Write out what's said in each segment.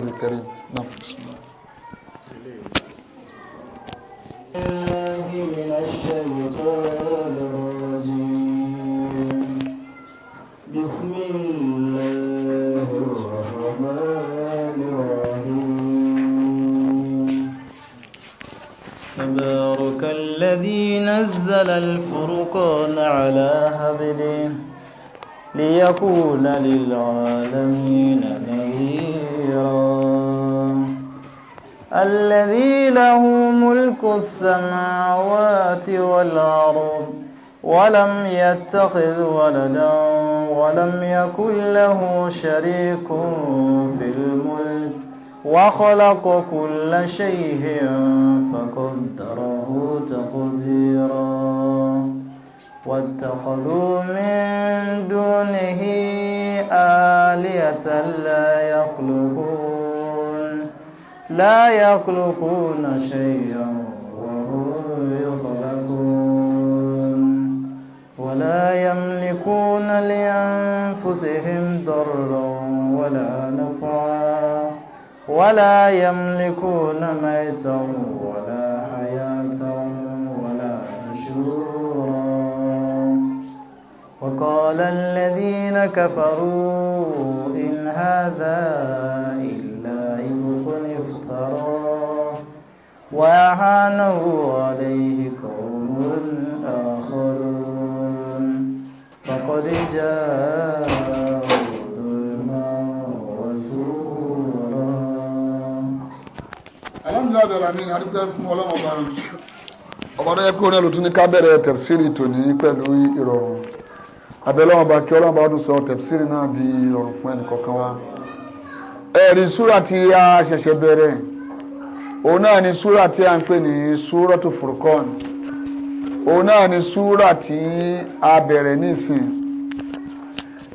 الكريم نعم بسم الله بسم الله الرحمن الرحيم تبارك الذي نزل الفرقان على هبله ليكون للعالمين نذيرا الذي له ملك السماوات والأرض ولم يتخذ ولدا ولم يكن له شريك في الملك وخلق كل شيء فقدره تقديرا واتخذوا من دونه آلية لا يخلقون لا يخلقون شيئا وهم يخلقون ولا يملكون لأنفسهم ضرا ولا نفعا ولا يملكون ميتا ولا حياة ولا نشورا وقال الذين كفروا إن هذا وأعانه عليه قوم آخرون فقد جاءوا ظلما وزورا الحمد لله رب العالمين àdúgbò fún ọlọ́mọ bá ń ọba tó yẹ kó ní ní ká bẹ̀rẹ̀ tẹ̀síìrì tòní pẹ̀lú ìrọ̀rùn abẹ́lẹ́wọ̀n bá kí ọlọ́mọba ọdún sọ tẹ̀síìrì náà di ìrọ̀rùn fún ẹnì kọ̀ọ̀kan wa ẹ̀rí súrà tí a ṣẹ̀ṣẹ̀ bẹ̀rẹ̀ òun náà ni súrà tí a ń pè ní súrọ́tù furqan òun náà ni súrà tí a bẹ̀rẹ̀ nísìn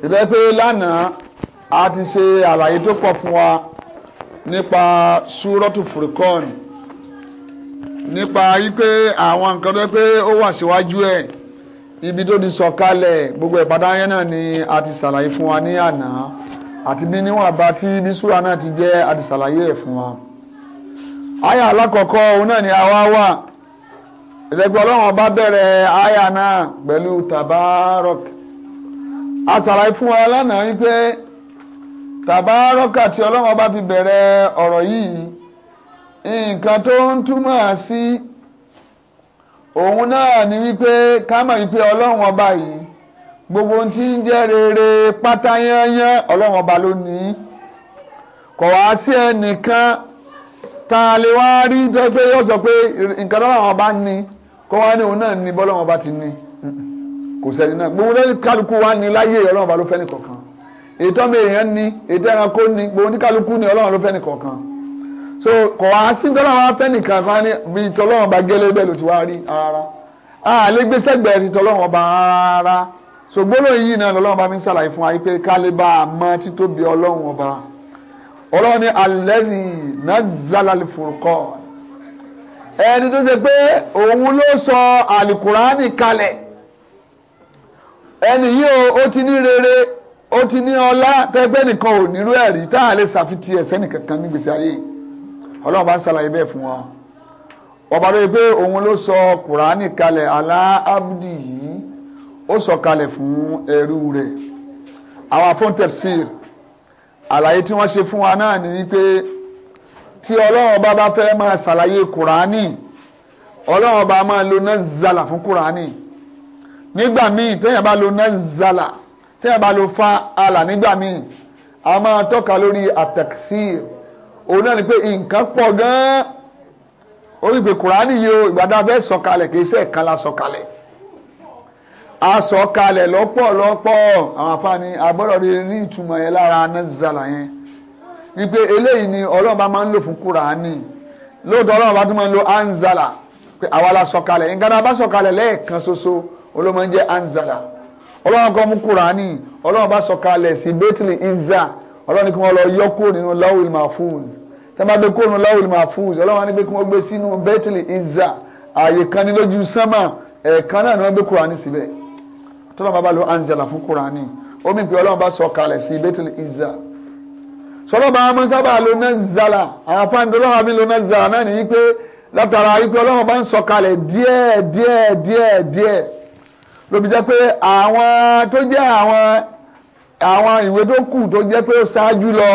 ìbẹ́ pé lánàá a ti ṣe àlàyé tó pọ̀ fún wa nípa súrọ́tù furqan nípa wípé àwọn nǹkan tó pé ó wà síwájú ẹ̀ ibi tó ti sọ̀kalẹ̀ gbogbo ìpàdé náà ni a ti ṣàlàyé fún wa ní àná àti bí níwọ̀nba tí bí súrà náà ti jẹ́ a ti ṣàlàyé ẹ̀ fún wa. Aya alakọkọ òun náà ni àwa wà ìdẹ́gbẹ́ ọlọ́run ọba bẹ̀rẹ̀ aya náà pẹ̀lú tabarok a ṣàlàyé fún wa lánàá wípé tabarọ́kà tí ọlọ́run ọba fi bẹ̀rẹ̀ ọrọ yìí nǹkan tó ń túmọ̀ sí òun náà ni wípé ká mọ̀ wípé ọlọ́run ọba yìí gbogbo ohun tí ń jẹ́ rere pátá yányán ọlọ́run ọba ló ní kò wá sí ẹnìkan ta lè wá rí jẹ́ pé yóò sọ pé nǹkan lọ́wọ́ àwọn bá ní kó wá ní òun náà ní bọ́lá wọn bá ti ní kò sẹ́ni náà gbogbo lẹ́yìn kálukú wá ní láyé ọlọ́run bá ló fẹ́ nìkọ̀ọ̀kan ètò ọmọ èèyàn ní ètò ẹranko ní gbogbo ní kálukú ní ọlọ́run ló fẹ́ nìkọ̀ọ̀kan so kò wá sí tọ́lọ́run wá fẹ́ nìkan kan ní bí tọ́lọ́run bá gẹ́lẹ́ bẹ́ẹ̀ ló ti wá rí rárá a lè gbé sẹ́gbẹ̀ẹ́ ti tọ́lọ́run ọba rárá so gbólóyìn náà lọ́lọ́run bá mi ń ṣàlàyé fún wa pé kálíbà mọ títóbi ọlọ́run ọba ọlọ́run ní alẹ́ni nazalali furukọ ẹni tó ṣe pé òun ló sọ alukurani kalẹ̀ ẹni yìí ó ti ní rere ó ti ní ọlá tẹgbẹ́ nìkan ò nírú ẹ̀rí tá a lè ṣàfitì ẹ̀sẹ̀ nìkankan nígbèsí ayé ọlọ́run bá ń ṣàlàyé bẹ́ẹ̀ fún wọn ọba rẹ pé òun ló sọ kùránì kalẹ̀ alá abdi yìí ó sọ kalẹ̀ fún ẹrú rẹ̀ àwọn afọ́ntẹ̀síìrì àlàyé tí wọ́n ṣe fún wa náà ni wípé tí ọlọ́run bá bá fẹ́ máa ṣàlàyé kùránì ọlọ́run bá máa lo nazala fún kùránì nígbà míì téèyàn bá lo nazala téèyàn bá lo fa ala nígbà míì a máa tọ́ka lórí atakthir òun náà ni pé nǹkan pọ̀ gan-an ó rí pé kùránì yìí o ìgbà tá a fẹ́ sọ̀kalẹ̀ kì í ṣe ẹ̀kan la sọ̀kalẹ̀. So asọ̀kalẹ̀ lọ́pọ̀lọpọ̀ àwọn afáàní agbọ́dọ̀ rí rí ìtumọ̀ yẹn lára anazala yẹn wípé eléyìí ni ọlọ́run bá máa ń lò fún kúránì lóòótọ́ ọlọ́run bá tún máa ń lo anzala pé àwa la sọ̀kalẹ̀ nǹkan tá a bá lẹ́ẹ̀kan ṣoṣo olóòmọ jẹ́ anzala ọlọ́run kan mú kúránì ọlọ́run bá sọ̀kalẹ̀ sí bethel izza ọlọ́run ni kí wọ́n lọ yọ kúrò nínú lawil mahfuz tí wọ́n bá gbé kúrò nínú lawil mahfuz ọlọ́run ni pé kí wọ́n gbé sínú bethel izza ààyè kan ní lójú sánmà ẹ̀ẹ̀kan náà ni wọ́n gbé kúránì síbẹ̀ tọ́lọ́ bá bá lo anzala fún kúránì omi pé ọlọ́run bá sọ kalẹ̀ sí betel izza sọlọ́ bá wọn sábà lo nazala àwọn fáńdé ọlọ́run àbí lo nazala náà nìyí pé látara wípé ọlọ́run bá ń sọ kalẹ̀ díẹ̀ díẹ̀ díẹ̀ díẹ̀ lóbi jẹ́ pé àwọn tó jẹ́ àwọn àwọn ìwé tó kù tó jẹ́ pé ó ṣáájú lọ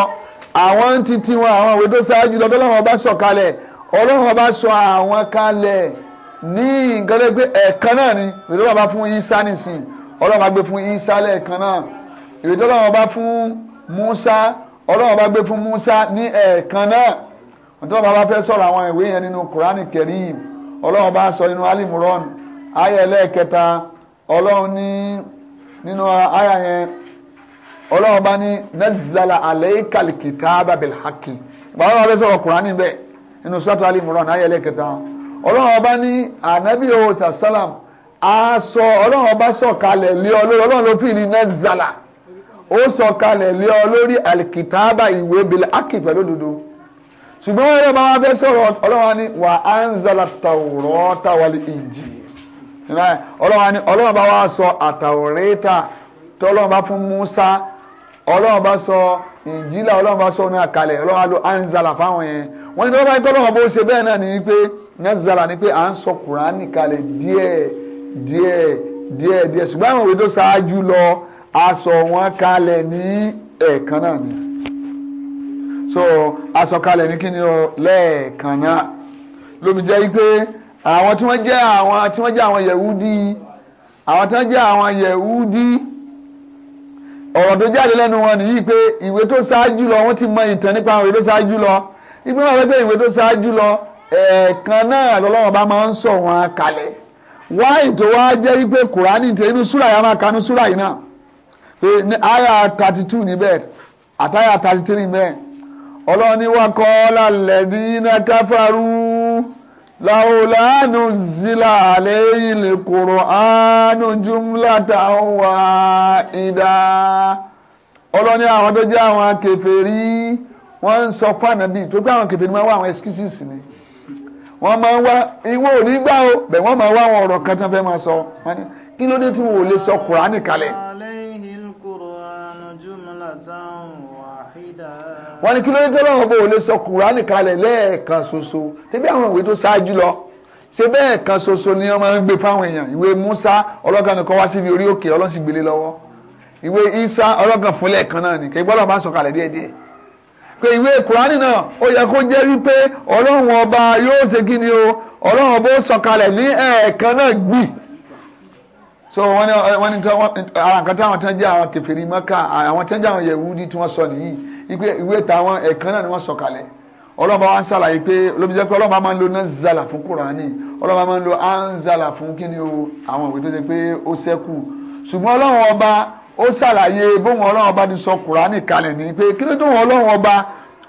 àwọn ń ti tiwọn àwọn ìwé tó ṣáájú lọ tọ́lọ́run bá sọ kalẹ̀ ọlọ́run bá sọ àwọn kalẹ̀ ní nǹkan lẹ́gbẹ́ ẹ̀ẹ̀kan náà ni ìwé tó bá fún yín sánísìn ọlọ́run bá gbé fún Isa lẹ́ẹ̀kan náà ìrètí ọlọ́run bá fún Musa ọlọ́run bá gbé fún Musa ní ẹ̀ẹ̀kan náà ọ̀tọ́ bàbá fẹ́ sọ̀rọ̀ àwọn ìwé yẹn nínú Kùránì Karim ọlọ́run bá sọ nínú alimuron ayé ẹlẹ́ẹ̀kẹta ọlọ́run ní nínú ayé yẹn ọlọ́run bá ní nazzala alaykal kitaba bil haqqi bàbá bá fẹ́ sọ̀rọ̀ Kùránì bẹ́ẹ̀ nínú sọ́tọ̀ alimuron ayé ẹlẹ́ẹ̀kẹta ọlọ́run bá ní ànábì ọ̀sà sálàmù aṣọ ọlọ́run ọba sọ̀kalẹ̀ lé ọ lórí ọlọ́run ló fi ní nẹ́zàlà ó sọ̀kalẹ̀ lé ọ lórí alikitaba ìwé bele akì pẹ̀lú òdodo ṣùgbọ́n wọ́n bá wá fẹ́ sọ̀rọ̀ ọlọ́run ni wà á ń zàlà tàwùrọ́tà wàlẹ̀ ìjì ọlọ́run ni ọlọ́run bá wá sọ àtàwùrẹ́tà tọ́lọ́run bá fún Musa ọlọ́run bá sọ ìjìlá ọlọ́run bá sọ ní àkàlẹ̀ ọlọ́run á lo á ń zàlà fáwọn yẹn wọ́n ní ni pé à ń sọ Kùránì kalẹ̀ díẹ̀ díẹ̀ díẹ̀ díẹ̀ ṣùgbọ́n àwọn òwe tó ṣáájú lọ aṣọ wọn kalẹ̀ ní ẹ̀ẹ̀kan náà ni so aṣọ kalẹ̀ ní kíni o lẹ́ẹ̀kan náà lómi jẹ́ wípé àwọn tí wọ́n jẹ́ àwọn tí wọ́n jẹ́ àwọn yẹ̀wúdí àwọn tí wọ́n jẹ́ àwọn yẹ̀wúdí ọ̀rọ̀ tó jáde lẹ́nu wọn nìyí pé ìwé tó ṣáájú lọ wọ́n ti mọ ìtàn nípa àwọn ìwé tó ṣáájú lọ ìgbìmọ̀ rẹ pé ìwé tó ṣáájú lọ ẹ̀ẹ̀kan náà lọ́lọ́wọ́ bá máa ń sọ wọn kalẹ̀ wáyé tó wá jẹ́ wípé kùránì tẹ inú súrà yà máa kanú súrà yìí náà pé àyà thirty two níbẹ̀ àtàyà thirty three níbẹ̀ ọlọ́ni wa qala alladhina kafaru laula nuzila alayhi alqur'anu jumlatan wahida ọlọ́ni àwọn tó jẹ́ àwọn kèfèrí wọ́n ń sọ fún ànábì tó gbé àwọn kèfèrí máa wá àwọn excuses ni wọ́n máa ń wá ìwọ ò ní gbá o bẹ̀ wọ́n máa wá àwọn ọ̀rọ̀ kan tán fẹ́ máa sọ wọ́n ní kí ló dé tí wọn ò lè sọ kùránì kalẹ̀. wọ́n ní kí ló dé tí ọlọ́run ò lè sọ kùránì kalẹ̀ lẹ́ẹ̀kan ṣoṣo tẹ́bí àwọn ìwé tó ṣáájú lọ ṣe bẹ́ẹ̀ kan ṣoṣo ni wọ́n máa ń gbé fáwọn èèyàn ìwé Musa ọlọ́gàn nìkan wá síbi orí òkè ọlọ́sìn gbélé lọ́wọ́ ìwé Isa ọlọ́gàn fúnlẹ̀ kan náà ni kẹ́gbọ́n lọ́ọ́ bá sọ̀kalẹ̀ díẹ̀díẹ̀ pé ìwé kùránì náà ó yẹ kó jẹ́ wípé ọlọ́run ọba yóò ṣe kí ni o ọlọ́run ọba ó sọ̀kalẹ̀ ní ẹ̀ẹ̀kan náà gbì so wọ́n ní wọ́n ní ara nǹkan táwọn tán jẹ́ àwọn kèfèrí mọ́kà àwọn tán jẹ́ àwọn yẹ̀wúdí tí wọ́n sọ nìyí ìpè ìwé táwọn ẹ̀ẹ̀kan náà ni wọ́n sọ̀kalẹ̀ ọlọ́ba wa ń ṣàlàyé pé lóbi jẹ́ pé ọlọ́ba máa ń lo nazala fún kùránì ó ṣàlàyé bóun ọlọ́run ọba ti sọ kùránì kalẹ̀ ní pé kí ló dùn ọlọ́run ọba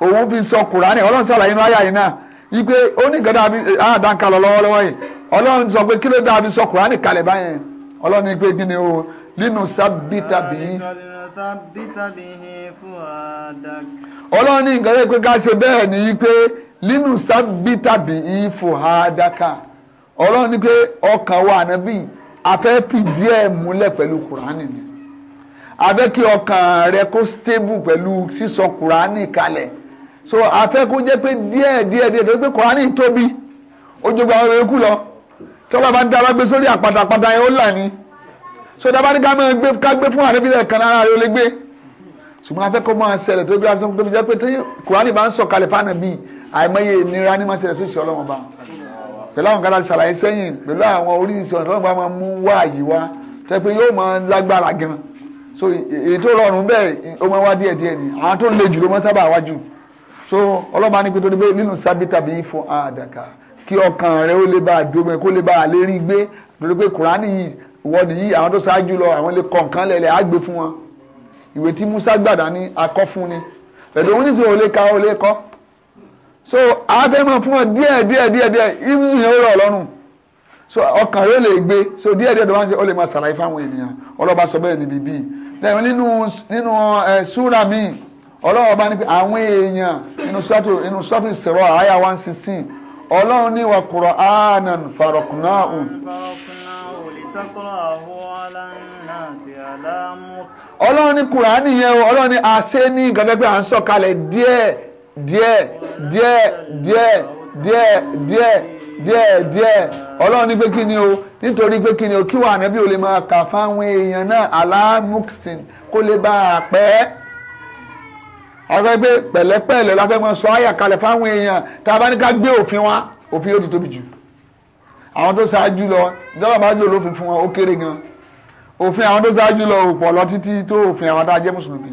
òun fi sọ kùránì ọlọ́run ṣàlàyé inú náà yí ó ní nǹkan dàbí àdáǹkà lọ lọ́wọ́lọ́wọ́ yìí ọlọ́run sọ pé kí ló sọ kùránì o nínú ọlọ́run ní pé ká ṣe bẹ́ẹ̀ ni ọlọ́run ní pé ọkàn abẹ́ kí ọkàn rẹ kó stable pẹ̀lú sísọ kùránì kalẹ̀ so afẹ́ kó jẹ́ pé díẹ̀ díẹ̀ díẹ̀ tó pé kùránì tóbi ó jogbo àwọn ewé kú lọ tó bá bá ń dára gbé sórí àpáta àpáta yẹn ó là ní so dábàá ní ká máa gbé ká gbé fún àrẹ́bí rẹ̀ kan ara rẹ̀ ó lè gbé ṣùgbọ́n afẹ́ kó máa ṣẹlẹ̀ tó bí afẹ́ kó jẹ́ pé tí kùránì bá ń sọ kalẹ̀ fáànà bíi àìmọye ìnira ní máa ṣẹlẹ̀ sóṣù ọlọ́wọ́n bá pẹ̀lú àwọn kàdá ṣàlàyé sẹ́yìn pẹ̀lú àwọn oríṣiríṣi ọ̀nà tó máa mú wáàyí wá tẹ́ pé yóò máa lágbára gan-an so èyí tó rọrùn bẹ́ẹ̀ ó máa wá díẹ̀ díẹ̀ ni àwọn tó le jù ló máa sábà wá jù so ọlọ́ba ní pété pé nínú sábì tàbí fún àdàkà kí ọkàn rẹ ó lè bá àdógbẹ kó lè bá àlérí gbé torí pé kùránì yìí ìwọ nìyí àwọn tó ṣáájú lọ àwọn lè kọ nǹkan lẹ̀lẹ̀ á gbé fún wọn ìwé tí Musa gbàdá ní akọ fún ni pẹ̀lú òun nísìnyí ò lè ka ò lè kọ́ so àfẹ́mọ̀ fún wọn díẹ̀ díẹ̀ díẹ̀ díẹ̀ ìmú yẹn ó rọ̀ lọ́rùn so ọkàn rẹ ó lè gbé so díẹ̀ díẹ̀ tó máa ń ṣe ó lè máa ṣàlàyé fáwọn ènìyàn ọlọ́ba sọ bẹ́ẹ̀ níbi bíi tẹ̀wọ́n nínú nínú ẹ̀ eh, mi ọlọ́wọ́ bá ní pé àwọn èèyàn inú sọ́tù inú sọ́tù ìsẹ̀rọ̀ àyà one sixteen ọlọ́run ní wa Qur'anan faraqnahu. ọlọ́run ní kùránì yẹn o ọlọ́run ní àṣẹ ní gàdẹ́gbẹ́ à ń sọ̀kalẹ̀ díẹ̀ díẹ̀ díẹ̀ díẹ̀ díẹ̀ díẹ̀ díẹ̀ ọlọ́run ní pé kí ni o nítorí pé kí ni o kí wà nábì ò lè máa kà fáwọn èèyàn náà aláàmùsìn kó lè bá a pẹ́ ọ̀rẹ́ pé pẹ̀lẹ́pẹ̀lẹ́ la mọ sọ àyà kalẹ̀ fáwọn èèyàn tá a bá ní ká gbé òfin wa òfin yóò ti tóbi jù àwọn tó ṣáájú lọ ìjọba bá jò lófin fún wọn ó kéré gan òfin àwọn tó ṣáájú lọ ò pọ̀ lọ títí tó òfin àwọn tá a jẹ́ mùsùlùmí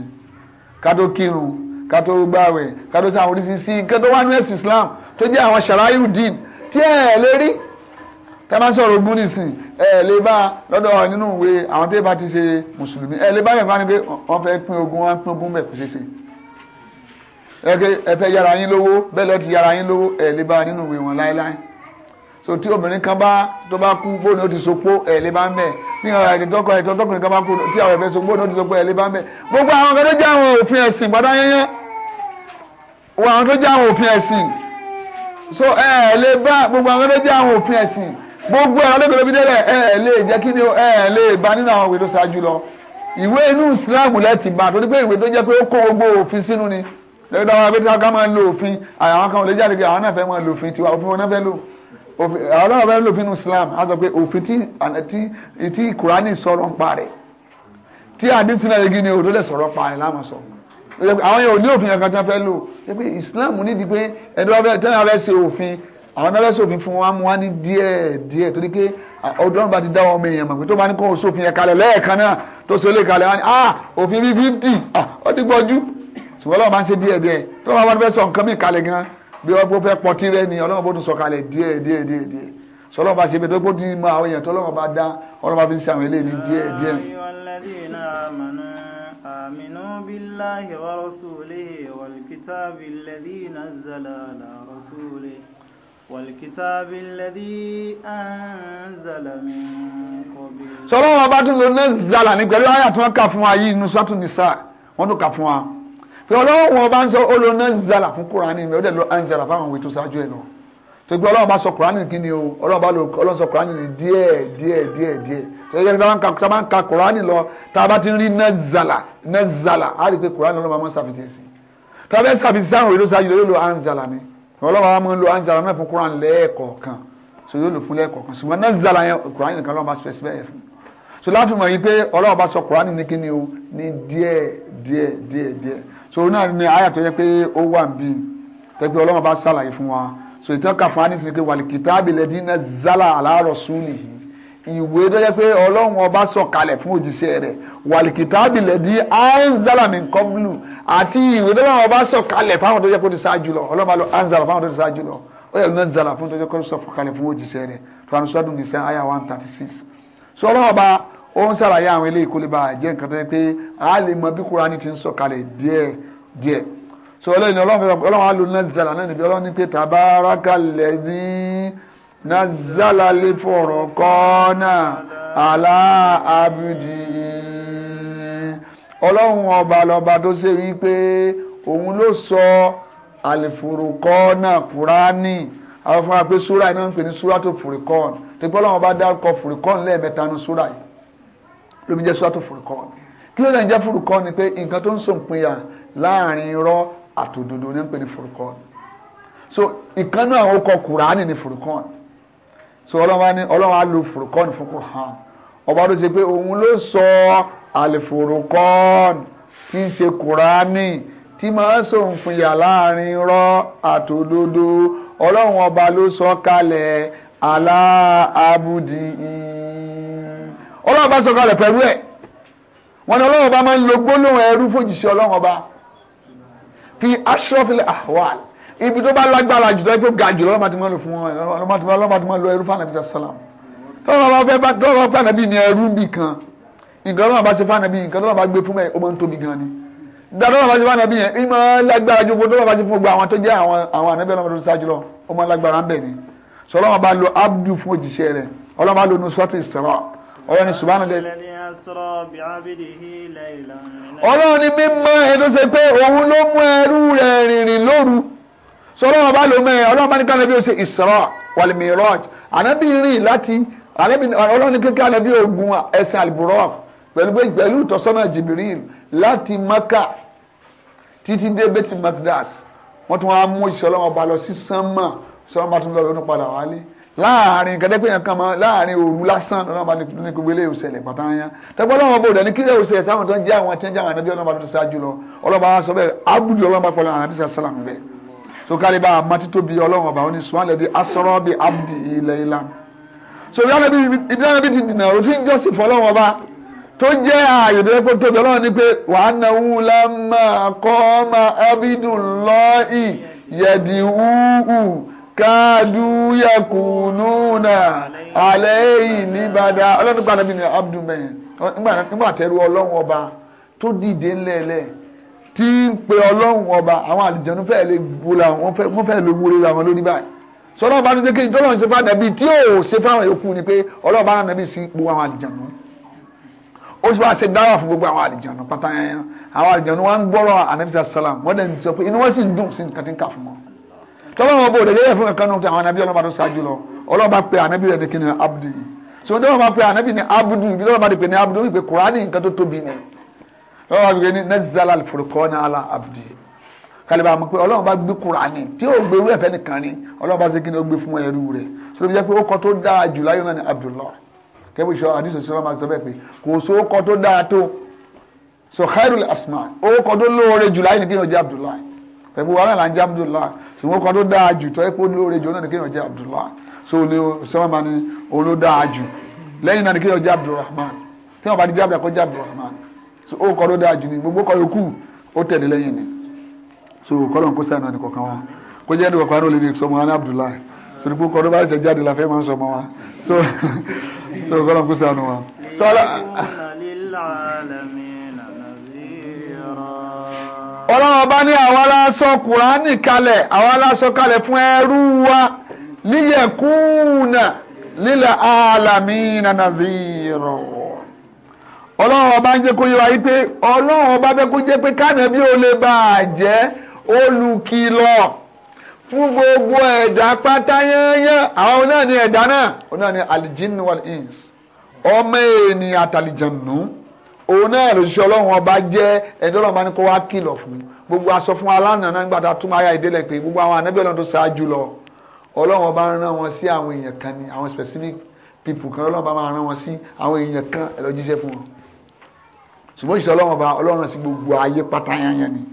ká tó kírun ká tó gbàwẹ̀ ká tó ṣe àwọn oríṣiríṣi nǹkan tó wà ní ẹ̀sìn Islam tó jẹ́ àwọn ṣàráyù dín tí ẹ lè rí tẹ bá sọ̀rọ̀ ogún nìsín ẹ lè bá lọ́dọ̀ nínú ìwé àwọn tẹ́ bá ti ṣe mùsùlùmí ẹ lè bá yẹn bá ní pé wọ́n fẹ́ pín ogún wọn pín ogún bẹ́ẹ̀ kò ṣeé ṣe ẹ fẹ́ yára yín lówó bẹ́ẹ̀ lọ́ọ́ ti yára yín lówó ẹ lè bá nínú ìwé wọn láéláé so tí obìnrin kan bá tó bá kú bóun ni ó ti sopó ẹ lè bá ń bẹ ní ọ̀rọ̀ ẹ̀dín tọkọ ẹ̀tọ́ tọkùnrin kan bá kú tí àwọn ẹ̀fẹ́ sopó ni ó ti sopó ẹ lè bá ń bẹ gbogbo àwọn kan tó jẹ́ àwọn òfin ẹ̀sìn padà yẹn yẹn wọ àwọn tó jẹ́ àwọn òfin ẹ̀sìn so ẹ ẹ lè bá gbogbo àwọn tó jẹ́ àwọn òfin ẹ̀sìn gbogbo àwọn tó gbẹ̀rẹ̀ bí dẹ́rẹ̀ ẹ ẹ lè jẹ́ kí ni ẹ ẹ lè bá nínú àwọn ìwé tó ṣáájú lọ ìwé inú Islam lẹ́ẹ̀tì bá torí pé ìwé tó jẹ́ pé ó kó gbogbo òfin sínú ni lẹ́yìn tó àwọn abẹ́tí ká máa lo òfin àwọn kan ò lè jáde pé àwọn náà fẹ́ máa lo òfin tiwa òfin wọn náà fẹ́ lò àwọn náà fẹ́ lo òfin inú Islam á sọ pé òfin tí Kùránì sọ̀rọ̀ ń parẹ́ tí àdínsìn náà yegi ni àwọn yẹn ò ní òfin kankan tí wọ́n fẹ́ lò pé Islam nídìí pé ẹni wọ́n fẹ́ tẹ́lẹ̀ wọ́n fẹ́ ṣe òfin àwọn náà fẹ́ ṣòfin fún wa mú wa ní díẹ̀ díẹ̀ torí pé ọdún bá ti dá wọn ọmọ èèyàn mọ̀ pé tó bá ní kó o yẹn kalẹ̀ lẹ́ẹ̀kan náà tó ṣe lè kalẹ̀ wá ní ah òfin bíi fifty ah ó ti gbọ́jú ṣùgbọ́n Ọlọ́run máa ń ṣe díẹ̀ díẹ̀ tó bá wọn fẹ́ sọ nǹkan mìíràn kalẹ̀ gan bí wọ́n fẹ́ pọtí rẹ ni Ọlọ́run bó tún sọ kalẹ̀ díẹ̀ díẹ̀ díẹ̀ díẹ̀ sọlọ́run bá ṣe bẹ́ẹ̀ tó kó ti mọ àwọn èèyàn tó Ọlọ́run bá آمنوا بالله ورسوله والكتاب الذي نزل على رسوله والكتاب الذي أنزل من قبل sọlọ́wọ́n ọba tún ló nẹ́zàlà ní pẹ̀lú àyà tí wọ́n kà fún wa yìí nù sọ́tún nìsà wọ́n tún kà fún wa pé ọlọ́wọ́n ọba ń sọ ó ló nẹ́zàlà fún Kùránì ó dẹ̀ ló ẹ̀ńzàlà fáwọn òwe tó ṣáájú ẹ̀ náà tó gbé ọlọ́run bá sọ kùránì kí ni o ọlọ́run bá lò ọlọ́run sọ kùránì ní díẹ̀ díẹ̀ díẹ̀ díẹ̀ tó yẹ kí tá a bá ń ka kùránì lọ tá a bá ti ń rí nẹ́zàlà nẹ́zàlà á rí i pé kùránì bá mọ́ sàfihàn sí tá a bá ń sàfihàn sí àwọn èlò sáájú lo anzala ni ọlọ́run bá mọ́ lo anzala náà fún kùránì lẹ́ẹ̀kọ̀ọ̀kan so yóò lò fún lẹ́ẹ̀kọ̀ọ̀kan ṣùgbọ́n nẹ́zàlà yẹn kurani nìkan ọlọ́run bá specify yẹn fún so láti mọ̀ yìí pé ọlọ́run bá sọ kùránì ní kí ni o ní díẹ̀ díẹ̀ díẹ̀ díẹ̀ so náà ni àyà tó yẹ pé ó wà ń bí tẹ́gbẹ́ ọlọ́run bá so ìtàn kàfá ní sinike wàlìkìtà abilẹ̀dí náà zala aláàrọ̀ súlì yìí ìwé tó yẹ pé ọlọ́run ọba sọ̀kalẹ̀ fún òjíṣẹ́ rẹ̀ wàlìkìtà abilẹ̀dí anzala min kọ́bùlù àti ìwé tó yẹ ọba sọ̀kalẹ̀ fáwọn tó yẹ kó ti ṣáájú lọ ọlọ́run bá lọ anzala fáwọn tó ti ṣáájú lọ ó yẹ lọ́nà zala fún tó yẹ kó sọ̀kalẹ̀ fún òjíṣẹ́ rẹ̀ tuwanu sọ́dún nìṣẹ́ àyà so ọlọ́run ọlọ́run fẹ́ ọlọ́run á lo nazala náà níbi ọlọ́run ní pé tabarakalladhi nazala lil furqana ala abdi ọlọ́run ọba lọ́ba tó ṣe wípé òun ló sọ àlìfurqana kúránì àwọn fún wa pé súrà iná ń pè ní súrà tó furqan tó pé ọlọ́run ọba dárúkọ furqan lẹ́ẹ̀mẹ́ta ní súrà yìí lómi jẹ́ súrà tó furqan kí ló lè jẹ́ furqan ni pé nǹkan tó ń sòǹpinya láàrin irọ́ àtòdodo ní pé ní so ìkan náà ó kọ kùránì ní Furqan so ọlọ́wọ́n ní ọlọ́wọ́n á lo Furqan fún Qur'an ọba tó ṣe pé òun ló sọ àlìfurqan tí ń ṣe kùránì tí máa ń sòǹfìyà láàrin rọ àtòdodo ọlọ́run ọba ló sọ kalẹ̀ aláàbùdì ọlọ́run ọba sọ kalẹ̀ pẹ̀lú ẹ̀ wọ́n ní ọlọ́run ọba máa ń lo gbólóhùn ẹrú fòjìṣẹ́ ọlọ́run ọba fi ashrafil ahwal ibi tó bá lágbára jù tó ga jù lọ́wọ́ màtí máa lò fún wọn lọ́wọ́ màtí máa lò ẹrú fún ànàbí sàlám tọ́lọ́ bá fẹ́ tọ́lọ́ fún ànàbí ni ẹrú bì kan nǹkan lọ́wọ́ bá ṣe fún ànàbí nǹkan lọ́wọ́ bá gbé fún ẹ ó máa ń tóbi gan ni dáadọ́wọ́ bá ṣe fún ànàbí yẹn ó máa lágbára ju gbogbo tọ́lọ́ bá ṣe fún gbogbo àwọn tó jẹ́ àwọn ànàbí ọlọ́mọdé ṣáájú lọ ó máa lágbára ń bẹ̀ ni sọlọ́wọ́ bá lo abdu fún òjíṣẹ́ rẹ̀ ọlọ́wọ́ bá lo nusratu isra ọlọ́run ní subhanahu lè. ọlọ́run ní mímọ́ ẹni ṣe pé òun ló mú ẹrú rẹ̀ rìnrìn lóru sọlọ́run ọba ló mẹ́ ọlọ́run bá ní kálẹ̀ bí ó ṣe Isra wal Miraj ànábì rìn láti ọlọ́run ní kíkálẹ̀ bí ogun ẹ̀sìn àlùbùrọ̀ pẹ̀lú pẹ̀lú ìtọ́sọ́nà Jibril láti Maka títí dé Beti Makdas wọ́n tún wá mú ìṣọ́lọ́run ọba lọ sí sánmà sọ́lọ́run bá tún lọ lọ́dún padà wálé láàrin kẹdẹ́pẹ́ yẹn kan mọ́ láàrin òru lásán lọ́nà bá ní gbogbo ilé ìṣẹ̀lẹ̀ pàtàyàn tẹ́gbọ́n lọ́wọ́ bò dẹ̀ ní kílẹ̀ ìṣẹ̀lẹ̀ sáwọn tó ń jẹ́ àwọn tí ń jẹ́ àwọn ànábì ọlọ́mọ tó ṣáájú lọ ọlọ́mọ àwọn sọ bẹ́ẹ̀ abudu ọlọ́mọ pọ̀lọ́ ànábì sàlám bẹ́ẹ̀ so kárí bá àmọ́ títóbi ọlọ́mọ bá wọn ní sùnwálẹ̀ di asọ́rọ́ bí abdi ilẹ̀ ilá so ìdánábì ti dìnnà o ti ń jọ́sìn fọlọ́mọ bá tó jẹ́ ààyè tó yẹ kó tóbi ọlọ́run ní pé wàá náwó lámà kọ́ ọ́ máa abidùn lọ́ọ̀ì yẹ̀dì wúhù káàdù yakununa àlẹ́yìn níbàdà ọlọ́run gbàdá bíi abdulmẹ̀ nígbà tẹ́rù ọlọ́run ọba tó dìde ńlẹ̀ẹ́lẹ̀ tí ń pe ọlọ́run ọba àwọn àlìjẹ̀nu fẹ́ẹ́ lè wúra wọ́n fẹ́ẹ́ lè wúra wọn lórí báyìí sọlá ọba nígbà kejì tọ́lọ́run ṣe fáwọn nàbí tí yóò ṣe fáwọn yòókù ni pé ọlọ́run bá nàbí sí gbogbo àwọn àlìjẹ̀nu ó sì wáá ṣe dáwà fún gbogbo àwọn àlìjẹ̀nu pátá yẹn àwọn àlìjẹ̀nu wọn ń gbọ́rọ̀ ànábìsí tọ́lọ́wọ́ bò rẹ̀ lẹ́yìn fún ẹ̀kan náà àwọn ànábì ọlọ́ba tó ṣáájú lọ ọlọ́ba pe ànábì rẹ̀ ní kí ni abdi so ní ọlọ́ba pe ànábì ní abdu ibi lọ́ba ti pè ní abdu wípé kùránì nǹkan tó tóbi ni lọ́wọ́ wípé ní nazala al-furqana ala abdi kálíbà mọ̀ pé ọlọ́run bá gbé kùránì tí ó gbé wúrẹ̀ fẹ́ni kan ni ọlọ́run ṣe kí ni ó gbé fún ẹrú rẹ̀ so ló fi jẹ́ pé ó kọ́ tó dáa jù láyé náà ni abdullah kẹ́bí sọ àdìsọ sí ọlọ́run sọ bẹ́ẹ̀ pé kò sí ó kọ́ tó dáa tó so khairul asma ó kọ́ tó lóore jù láyé ni kí ni ó jẹ́ abdullah pẹ̀lú wàhálà ń jẹ́ abdullah ṣùgbọ́n kan tó dáa jù tọ́ ẹ pé olóore jù náà ni kéèyàn jẹ́ abdullah so olè sọ́mọ́mà ni òun ló dáa jù lẹ́yìn náà ni kéèyàn jẹ́ abdulrahman kéèyàn bá ti jẹ́ abdulrahman kó jẹ́ abdulrahman so ó kọ́ ló dáa jù ni gbogbo kọ́ yòókù ó tẹ̀lé lẹ́yìn ni so kọ́lọ́n kó sànà nìkọ̀kan wa kó jẹ́ nìkọ̀kan ló lè ní sọmọ wa ní abdullah so ní kókọ́ ló bá ṣe jáde la fẹ́ máa ń sọmọ wa so so kọ́lọ́n kó sànà wa. sọlá. ọlọ́run bá ní àwa la sọ kùránì kalẹ̀ àwa la kalẹ̀ fún ẹrú wa níyẹ̀kúnà lílẹ̀ alàmì nànàbìrọ̀ ọlọ́run ọba ń jẹ́ kó yẹ wa yí pé ọlọ́run ọba fẹ́ kó jẹ́ pé kánàbí ò lè bá a jẹ́ olùkìlọ̀ fún gbogbo ẹ̀dá pátá àwọn náà ní ẹ̀dá náà ọ̀nà ni aljinn wal ins ọmọ ènìyàn àtàlìjànù. òun náà lòṣìṣẹ́ ọlọ́run ọba jẹ́ ẹ̀dọ́ ọlọ́run bá ní kó wá kìlọ̀ fún gbogbo aṣọ fún alánà náà nígbà tá a túmọ̀ ayá ìdílẹ̀ pé gbogbo àwọn ànábì ọlọ́run tó ṣáájú lọ ọlọ́run ọba ń rán wọn sí àwọn èèyàn kan ni àwọn specific people kan ọlọ́run ọba máa rán wọn sí àwọn èèyàn kan ẹ jíṣẹ́ fún wọn ṣùgbọ́n òṣìṣẹ́ ọlọ́run ọba ọlọ́run sí gbogbo ayé pátá ni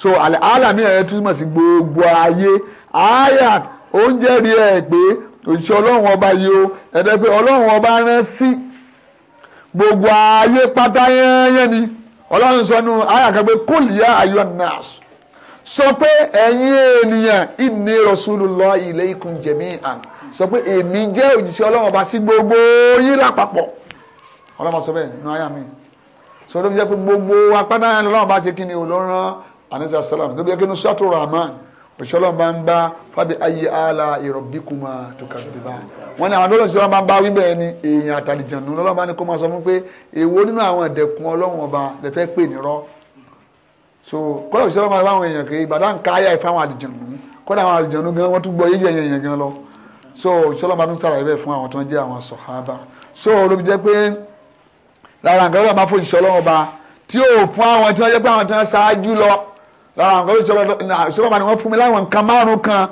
so àlẹ́ àlàmì ẹ̀ túmọ̀ sí gbogbo ayé àyà oúnjẹ rí ẹ pé òṣìṣẹ́ ọlọ́run ọba yìí gbogbo ayé pátá yẹ́nyẹ́ ni ọlọ́run sọ nu ayàkà pé kúlì yá ayọ̀ nas sọ pé ẹ̀yin ènìyàn ìní rasulullah ilaykum jami'an sọ pé èmi jẹ́ òjíṣẹ́ ọlọ́run ọba sí gbogbo yín lápapọ̀ ọlọ́run sọ bẹ́ẹ̀ nu ayà mi sọ ló fi jẹ́ pé gbogbo apátá yẹn lọ́run ọba ṣe kí ni ò anisa salam ló jẹ́ kí ni sọ́tò rahman òṣìṣọ́lọ́ bá ń bá fábí ayé àlà ìrọ̀bíkùmá tó kà dé bá wọn ni àwọn tó lọ́n ṣiṣọ́ bá ń bá wíbẹ̀ ni èèyàn àtàlìjànù lọ́lọ́ba ni kó máa sọ fún pé èwo nínú àwọn ẹ̀dẹ̀kun ọlọ́run ọba lè fẹ́ pè nírọ́ so kọ́lá òṣìṣọ́ bá ń bá àwọn èèyàn kiri ìbàdàn ń káyà ìfẹ́ àwọn àlìjànù kọ́lá àwọn àlìjànù gan wọ́n tún gbọ́ yíyí ẹ̀yìn ẹ̀yìn gan so òṣìṣọ́ bá tún sàlàyé bẹ́ẹ̀ fún àwọn tó so olóbi jẹ́ pé lára nǹkan lọ́ba máa fòṣìṣọ́ ọlọ́run ọba tí yóò fún àwọn lọ lára ah, àwọn kan tó sọ́nà bá ní wọ́n fún mi láwọn nǹkan márùn-ún kan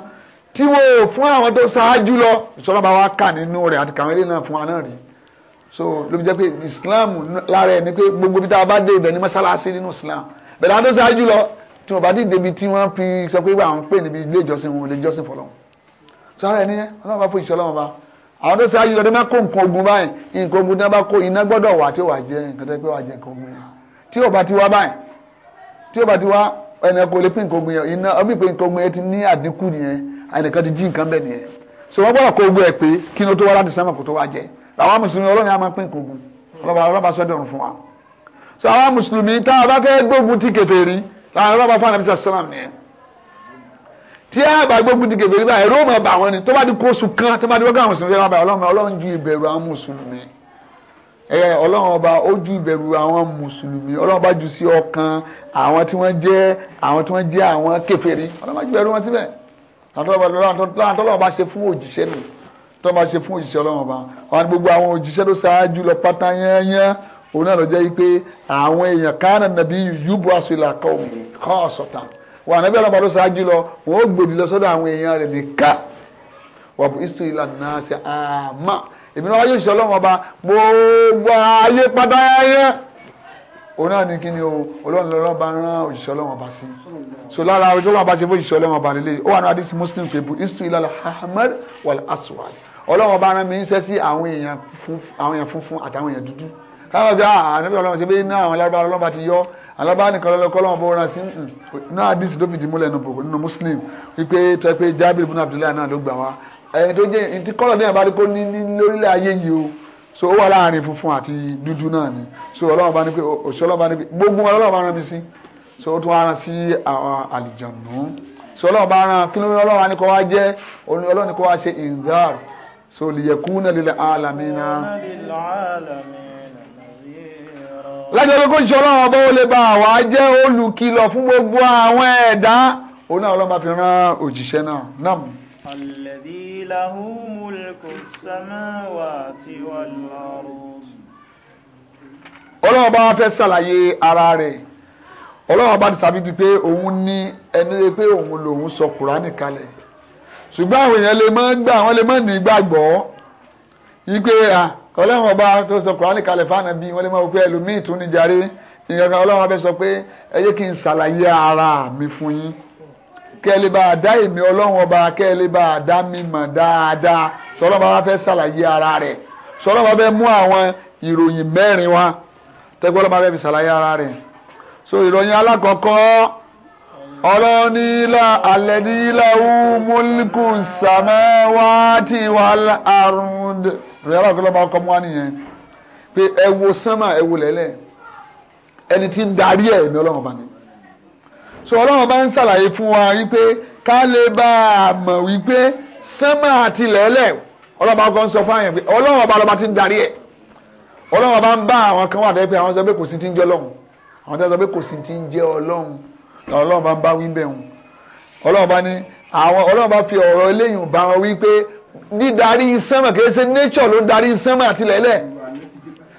tí wọ́n ò fún àwọn tó ṣáájú lọ sọ́nà bá wá kà nínú rẹ̀ àti kàwé náà fún wa náà rí so ló fi jẹ́ pé Islam lára ẹ̀ ni pé gbogbo bí tá a bá dé ibẹ̀ ní mọ́sálásí nínú Islam bẹ̀rẹ̀ àwọn tó ṣáájú lọ tí wọ́n bá dé ibi tí wọ́n fi sọ pé àwọn pè níbi ilé ìjọsìn wọn ilé ìjọsìn fọlọ́wọn sọ́ra ẹ̀ níyẹn ọlọ́run bá fún ìṣọ́ ọlọ́run bá àwọn tó ṣáájú ọdún máa kó nǹkan ogun báyìí nǹkan ogun tí wọ́n bá kó iná gbọ́dọ̀ wà tí ó wà jẹ́ nǹkan tó pé wà jẹ́ nǹkan ogun yẹn tí ò bá ti wá báyìí tí ò bá ti wá ẹnìkan lè pín nǹkan ogun yẹn iná ọbí pé nǹkan ogun yẹn ti ní àdínkù nìyẹn ẹnìkan ti jí nǹkan bẹ́ẹ̀ nìyẹn so wọ́n gbọ́dọ̀ kó ogun ẹ̀ pé kí ni ó tó wá láti sẹ́mọ̀ kó tó wá jẹ làwọn mùsùlùmí ọlọ́run yà máa pín nǹkan ogun ọlọ́ba ọlọ́ba sọ́dọ̀rùn fún wa so àwọn mùsùlùmí tá a bá fẹ́ gbógun ti kèfèrí làwọn ọlọ́ba fún àlẹ́bíṣà sálàm nìyẹn tí a bá gbógun ti kèfèrí báyìí ẹ̀rọ máa bà wọ́n ni tó bá di kóṣù kan tó bá di wọ́n gbà àwọn mùsùlùmí fẹ́ máa bá ọlọ́run ẹ ọlọ́run ọba ó ju ìbẹ̀rù àwọn mùsùlùmí ọlọ́run ọba jù sí ọkàn àwọn tí wọ́n jẹ́ àwọn tí wọ́n jẹ́ àwọn kèfèrí ọlọ́run ọba jù bẹ̀rù wọn síbẹ̀ tọ́lọ́run ọba ṣe fún òjíṣẹ́ nù tọ́lọ́run ọba ṣe fún òjíṣẹ́ ọlọ́run ọba àwọn gbogbo àwọn òjíṣẹ́ tó ṣáájú lọ pátá yányán òun náà lọ jẹ́ pé àwọn èèyàn kánà nàbí yúbọ àṣìlà kọ́ ọ̀sọ̀tàn wà nàbí ọlọ́run ọba tó ṣáájú lọ wọ́n gbòdì lọ sọ́dọ̀ àwọn èèyàn rẹ̀ nìkan wà bù ìsìn ìlànà ṣe àmà èmi náà wáyé òṣìṣẹ́ ọlọ́run ọba gbogbo ayé pátá yẹn òun náà ní kí ni o ọlọ́run lọ́rọ́ bá rán òṣìṣẹ́ ọlọ́run ọba sí so lára ọjọ́ ọlọ́run ọba ṣe fún òṣìṣẹ́ ọlọ́run ọba lélẹ̀ ó wà ní adisi muslim pẹ̀lú istu ilal ahmed wal aswad ọlọ́run ọba rán mi ń ṣẹ́ sí àwọn èèyàn funfun àtàwọn èèyàn dúdú káwọn bí ah, ànábì ọlọ́run ṣe bí iná àwọn alábára ọlọ́run bá ti yọ alábára nìkan lọ́lọ́kọ́ ọlọ́run bó ran sí iná àdìsí ló fi dì múlẹ̀ nínú muslim wípé tó ẹ pé jábìrì bùnú abdullahi náà ló gbà wá ẹni tó jẹ́ ní tí kọ́lọ̀ náà bá rí kó ní lórílẹ̀ ayé yìí o so ó wà láàrin funfun àti dúdú náà ni so ọlọ́run bá ní pé òṣìṣẹ́ ọlọ́run bá ní pé gbogbo ọlọ́run bá rán mi sí so ó tún wá rán sí àwọn àlìjànú so ọlọ́run bá rán kí ló ní ọlọ́run ní kó wá jẹ́ ọlọ́run ní kó wá ṣe ìdáàrú so lìyẹ̀kúnà lílẹ̀ alamina. lájọ́ ló kó ṣe ọlọ́run ọba ó lè bá àwa jẹ́ olùkìlọ̀ fún gbogbo àwọn ẹ̀dá òun náà ọlọ́run bá fi rán òjíṣẹ́ náà náà. alẹ́ له ملك السماوات والأرض ọlọ́run bá wá fẹ́ ṣàlàyé ara rẹ̀ ọlọ́run bá ti sàbítí pé òun ní ẹni pé òun lòun sọ kùránì kalẹ̀ ṣùgbọ́n àwọn èèyàn lè máa ń gbà wọ́n lè máa ní gbàgbọ́ yí pé ọlọ́run ọba tó sọ kùránì kalẹ̀ fáànà bí wọ́n lè máa wọ pé ẹlòmíì tún ní jàre ìyẹn ọlọ́run bá sọ pé ẹ jẹ́ kí n ṣàlàyé ara mi fún yín kẹ́lẹ́ bá a dá èmi ọlọ́run ọba kẹ́lẹ́ bá a dá mi mọ̀ dáadáa sọlọ́ bá wá fẹ́ ṣàlàyé ara rẹ̀ sọlọ́ bá fẹ́ mú àwọn ìròyìn mẹ́rin wá tẹ́gbọ́lọ́ bá fẹ́ fi ṣàlàyé ara rẹ̀ so ìròyìn alákọ̀ọ́kọ́ ọ̀rọ̀ nílà alẹ́ nílà múlíkù sàmẹ́wàátì wà àrùn rẹ̀ alákọ̀ọ́kọ́ bá kọ́ mú wá nìyẹn pé ẹ wo sánmà ẹ wo lẹ́lẹ̀ ẹni tí ń darí ẹ̀ ní ọlọ́run ọba ni so ọlọ́run bá ń ṣàlàyé fún wa wípé ká lè bá a mọ̀ wípé sánmà àti lẹ́lẹ̀ ọlọ́run bá ń sọ fún àyàn pé ọlọ́run ọba lọ́ba ti ń darí ẹ̀ ọlọ́run bá ń bá àwọn kan wà dẹ́ pé àwọn sọ pé kò sí ti ń jẹ́ ọlọ́run àwọn sọ pé kò sí ti ń jẹ́ ọlọ́run ọlọ́run bá ń bá wí bẹ́ẹ̀ hùn ọlọ́run bá ní àwọn ọlọ́run bá fi ọ̀rọ̀ eléyìí bá wọn wí dídarí sánmà kì í ṣe nature ló ń darí sánmà àti lẹ́lẹ̀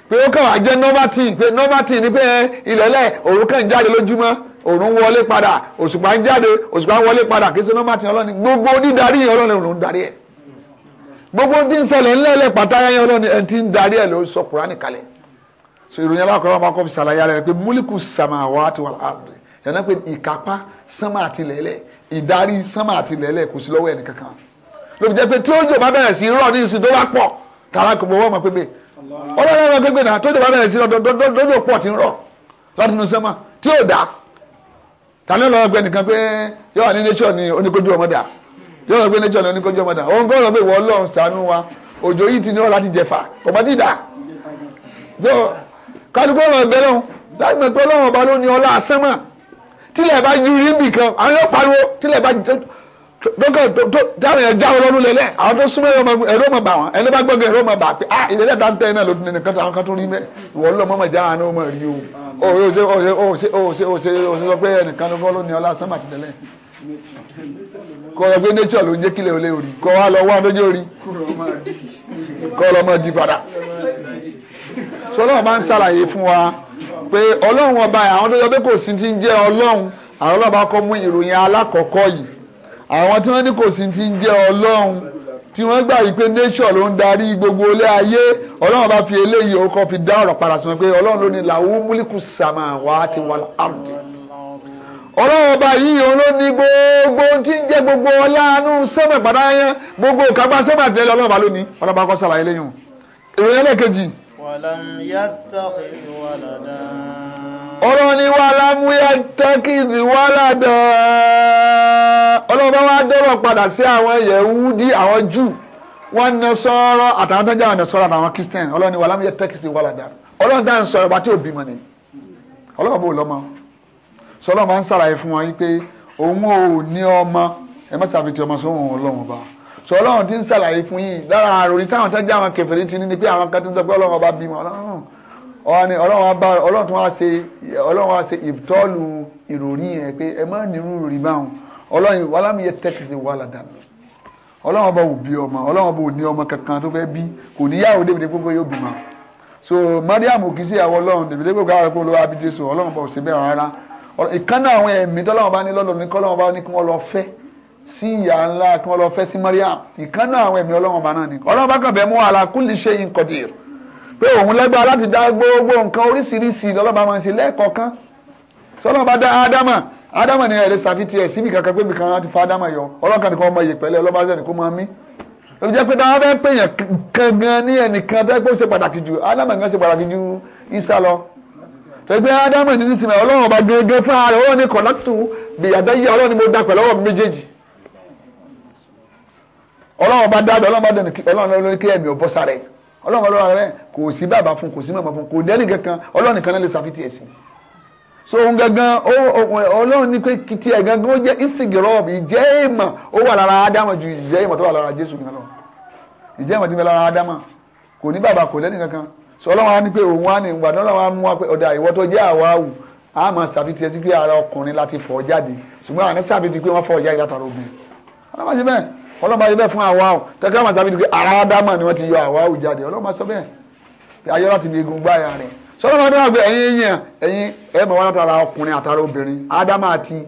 pé ó kàn wá jẹ́ normal thing pé normal thing ni pé ilẹ̀lẹ̀ òun kàn jáde lójúmọ́ òrùn wọlé padà òṣùpá ń jáde òṣùpá ń wọlé padà kí sinimá ti ọlọ́ni gbogbo dídarí yẹn ọlọ́ni òrùn darí ẹ̀ gbogbo tí ń ṣẹlẹ̀ ńlẹ́lẹ̀ pàtàkì yẹn ọlọ́ni ẹ̀ ti ń darí ẹ̀ ló sọ kúránì kalẹ̀ so ìròyìn alákọ̀ọ́ máa kọ́ fi ṣàlàyé rẹ̀ pé múlíkù samawati wal ardi yẹn pé ìkápá sánmà àti lẹ́lẹ̀ ìdarí sánmà àti lẹ́lẹ̀ kò sí lọ́wọ́ ẹnì kankan ló fi jẹ́ pé tí ó jò bá bẹ̀rẹ̀ sí rọ̀ ní ìsìn tó bá pọ̀ tààrà kò bọ̀ wọ́n mọ̀ pépè ọlọ́run ọmọ pépè náà tó jò tàbí lọ́wọ́ gbẹ nìkan pé yóò wà ní nature ni oníkójú ọmọdà yóò wà gbé nature ni oníkójú ọmọdà òun gbọ́dọ̀ pé ìwọ ọlọ́run ṣàánú wa òjò yìí ti ní ọ̀la ti jẹ̀fà ọ̀pọ̀ ti dà tó kálukú ọ̀rọ̀ ẹ̀bẹ̀ lọ́hùn láti mọ̀ pé ọlọ́run ọba ló ní ọlá asánmà tílẹ̀ bá yú rí kan àwọn yóò pariwo tílẹ̀ bá dókè tó dáhùn yẹn já ọlọ́run lẹ́lẹ̀ àwọn tó súnmọ́ ẹ̀rọ ọmọ bà wọn ẹni bá gbọ́ngàn ẹ̀rọ ọmọ bà pé ah ìdẹ́lẹ̀ ń tẹ́ náà ló nìkan tó àwọn kan tó rí mẹ́ ìwọ ọlọ́run mọ́mọ́ já àwọn ọmọ rí o. o oh, ose oh, ose oh, ose ṣe o ṣe o ṣe o ṣe o ṣe sọ pé ẹnìkan ló fọ́ ló ní ọlá sánmà ti nature ló ń orí kọ lọ fún wa pé ọlọ́run ọba àwọn tó yọ pé kò sí ti ń ọlọ́run àwọn ọlọ́ba kọ́ mú ìròyìn alákọ̀ọ́kọ́ yìí àwọn tí wọ́n kò sí ti ń ọlọ́run tí wọ́n gbà yìí pé nature ló ń darí gbogbo ilé ayé ọlọ́run bá fi eléyìí orúkọ fi dá ọ̀rọ̀ padà sí wọn pé ọlọ́run ló ní làwù múlíkù sàmà wà á ti wà áàdì ọlọ́run ọba yìí òun ló ní gbogbo tí ń jẹ́ gbogbo ọláàánú sẹ́mẹ̀ padà yẹn gbogbo ìkápá sẹ́mẹ̀ àtẹ́lẹ̀ ọlọ́run ọba lónìí ọlọ́run bá kọ́ sàlàyé lẹ́yìn ìròyìn ẹlẹ́ẹ̀kejì. wàlámù yàtọ̀ ìwàlàdàn ọlọ́run ní wà lámúyá tẹ́kìtì wà ládàá ọlọ́run bá wá dọ́rọ̀ padà sí àwọn yẹ̀wúdí àwọn jù wọ́n na sọ́ọ́rọ́ àtàwọn tó ń jẹ́ àwọn ẹ̀sọ́rọ́ àtàwọn kristian ọlọ́run ní wà lámúyá tẹ́kìtì wà ládàá ọlọ́run dá ń sọ ọba tí ò bímọ ni ọlọ́run bò lọ́mọ sọ ọlọ́run máa ń sàlàyé fún wọn pé òun ò ní ọmọ ẹ má sàfitì ọmọ sóhun ọlọ́run ọba sọ ti ń sàlàyé fún yìí lára àròrí táwọn tó ń jẹ́ àwọn kèfèrí ti ní ni pé àwọn kan ti ń sọ pé ọlọ́run ọba bímọ ọlọ́run ọ̀rọ̀ ni ọlọ́run bá ọlọ́run tó wá ṣe ọlọ́run wá ṣe ìtọ́lù ìròrí yẹn pé ẹ má nírú rí báwọn ọlọ́run wà lámìyẹ tẹ́kìsì wà ládàá ọlọ́run bá wù bí ọmọ ọlọ́run bá wù ọmọ kankan tó fẹ́ bí kò níyàwó débi dé yóò bímọ so mariam kì í sí àwọn ọlọ́run débi dé gbogbo àwọn ẹ̀kọ́ olówó abidjan so ọlọ́run bá wù sí bẹ́ẹ̀ rárá ìkànnà àwọn ẹ̀mí tọ́lọ́run bá ní lọ́dọ̀ ní kọ́lọ́run bá ní kí wọ́n lọ fẹ́ sí ìyá ńlá kí wọ́n lọ fẹ́ sí mariam ìkànnà àwọn ẹ̀mí ọlọ́run bá náà ní ọlọ́run bá kàn bẹ́ẹ̀ mú ala kulli shay'in qadir pé òun lágbára láti dá gbogbo nǹkan oríṣiríṣi lọ́lọ́ba máa ń ṣe lẹ́ẹ̀kọ̀ọ̀kan sọlọ́ba bá dá ádámà ádámà ni ẹ̀rẹ́ ṣàfihàn ẹ̀ síbi kankan pé ibi kan láti fa ádámà yọ ọlọ́kan nìkan ọmọ ìyèpẹ̀lẹ́ ọlọ́ba ṣẹ̀ nìkan máa mí ló jẹ́ pé dáhà fẹ́ pè yàn kankan ní ẹnìkan tó pé ó ṣe pàtàkì ju ádámà kan ṣe pàtàkì ju isa lọ tẹgbẹ́ ádámà ní nísìnyí ọlọ́run ọba gẹ́gẹ́ fún ara ọlọ́run ní kọ̀lọ́tù gbìyànjẹ́ yí ọlọ́run ni mo dapẹ̀ lọ́wọ́ méjèèjì ọlọ́run ọba dábẹ̀ ọlọ́run ọba dẹni ọlọ́run ló ní kí ẹ̀mí ò bọ́ sára ẹ̀ ọlọ́run ọlọ́run rẹ kò sí bàbá fún kò sí màmá fún kò dẹ́nì kankan ọlọ́run nìkan náà lè ẹ̀sìn so ohun gangan ọlọ́run ní pé kìtì ẹ̀ gangan ó jẹ́ ìsìngìrọ́ọ̀bù ìjẹ́ ìmọ̀ ó wà lára ádámà ju ìjẹ́ ìmọ̀ tó wà lára jésù lọ ìjẹ́ ìmọ̀ lára ádámà kò ní bàbá kò kankan so ọlọ́run á ní pé ọlọ́mọ ayé bẹ́ẹ̀ fún àwa o kẹ́kẹ́ àwọn àtàbí dùgbẹ́ ara ádámà ni wọ́n ti yọ àwa o jáde ọlọ́mọ sọ bẹ́ẹ̀ ayọ́ láti bí egun gbáyà rẹ̀ sọlọ́mọ adéwà gbé ẹ̀yin yẹn ẹ̀yin ẹ̀ mọ̀ látara ọkùnrin àtàrà obìnrin àti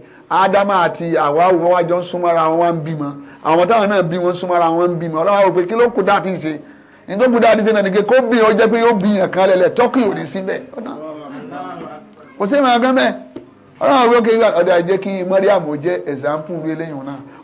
àti àwa o wá jọ ń súnmọ́ra wọn wá ń bímọ àwọn táwọn náà bí súnmọ́ra wọn ń bímọ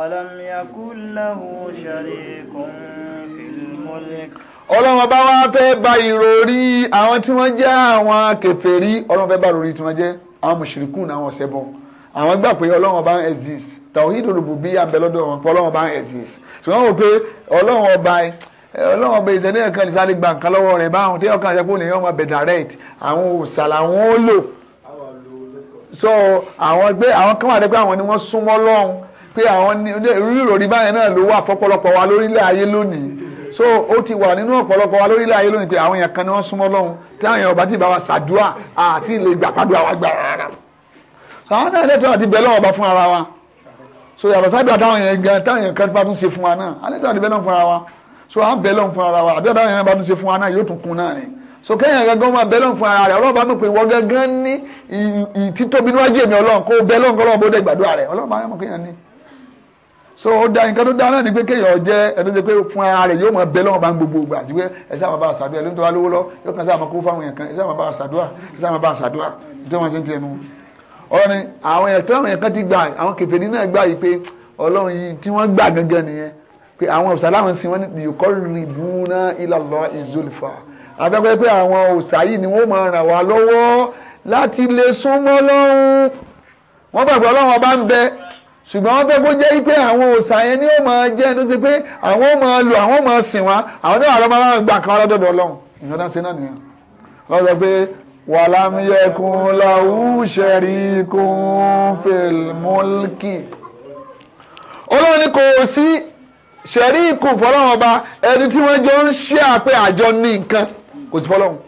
ولم يكن له شريك في الملك ọlọ́run ọba wa fẹ́ bà ìròrí àwọn tí wọ́n jẹ́ àwọn kèfèrí ọlọ́run fẹ́ bà ìròrí tí wọ́n jẹ́ àwọn mùṣírikùn náà àwọn ṣẹbọ àwọn gbà pé ọlọ́run ọba exist tàwíìdì olùbùbí àbẹ lọ́dọ̀ wọn pé ọlọ́run ọba exist ṣùgbọ́n wọ́n pé ọlọ́run ọba ọlọ́run ọba ìṣẹ̀lẹ̀ yẹn kan ìṣàlẹ̀ gba nǹkan lọ́wọ́ rẹ̀ báwọn tí ọkàn àṣẹpọ̀ lè ọmọ so àwọn gbé àwọn kan wà dé pé àwọn pé àwọn irú ìròrí báyẹn náà ló wà fọ́pọ̀lọpọ̀ wa lórílẹ̀ ayé lónìí so ó ti wà nínú ọ̀pọ̀lọpọ̀ wa lórílẹ̀ ayé lónìí pé àwọn èèyàn kan ni wọ́n súnmọ́ lọ́hùn tí àwọn èèyàn ọba ti bá wa ṣàdúrà àti ilé ìgbà pàdúrà wa gbà rárá àwọn náà lẹ́tọ̀ọ́ àti bẹ́ẹ̀ lọ́wọ́ ọba fún ara wa so yàtọ̀ sábẹ́ àtàwọn èèyàn gan táwọn èèyàn kan bá tún ṣe fún wa náà alẹ́tọ̀ọ́ àti bẹ́ẹ̀ fún ara wa so à ń bẹ́ẹ̀ lọ́wọ́ fún ara wa àbí ni so kẹ́yìn gangan máa bẹ́ẹ̀ lọ́wọ́ fún ara rẹ̀ ọlọ́run bá mọ̀ pé ìwọ gangan ní títóbi níwájú èmi ọlọ́run kó bẹ́ẹ̀ lọ́wọ́ kọ́ lọ́wọ́ bó dẹ́ gbàdúrà rẹ̀ ọlọ́run bá mọ̀ kéèyàn ní so ó da nǹkan tó da náà ni pé kéèyàn jẹ ẹni tó ṣe pé fún ara rẹ yóò máa bẹ lọ́wọ́ bá ń gbogbo ìgbà àti pé ẹ sábà bá ṣàdúrà ló ń tọ́wá lówó lọ yóò kàn sábà kó fáwọn èèyàn kan ẹ sábà bá ṣàdúrà ẹ sábà bá ṣàdúrà nítorí wọn ṣe ń tiẹ̀ nu. ọ̀rọ̀ ni àwọn èèyàn tó àwọn èèyàn kan ti gbà àwọn kèfèrí náà gbà yìí pé ọlọ́run yìí tí wọ́n gbà gangan nìyẹn pé àwọn òòṣà láwọn sin wọn ní yuqarribuna ila Allah izulfa àtàkùn pé àwọn òòṣà yìí ni wọ́n máa ràn wá lọ́wọ́ láti lè súnmọ́ lọ́hùn wọ́n gbàgbọ́ ọlọ́run ọba ń bẹ ṣùgbọ́n wọ́n fẹ́ kó jẹ́ pé àwọn òòsà yẹn ni ó máa jẹ́ tó ṣe pé àwọn ó máa lò àwọn ó máa sìn wá àwọn náà àrọ́ máa gbà kan lọ́dọ̀dọ̀ ọlọ́run ìyẹn náà ṣe náà nìyẹn wọ́n sọ pé walam yakun lahu sharikun fil mulki ọlọ́run ni kò sí ṣẹ̀ríkù fọlọ́run ọba ẹni tí wọ́n jọ ń ṣe àpé àjọ ní nǹkan kò sí fọlọ́run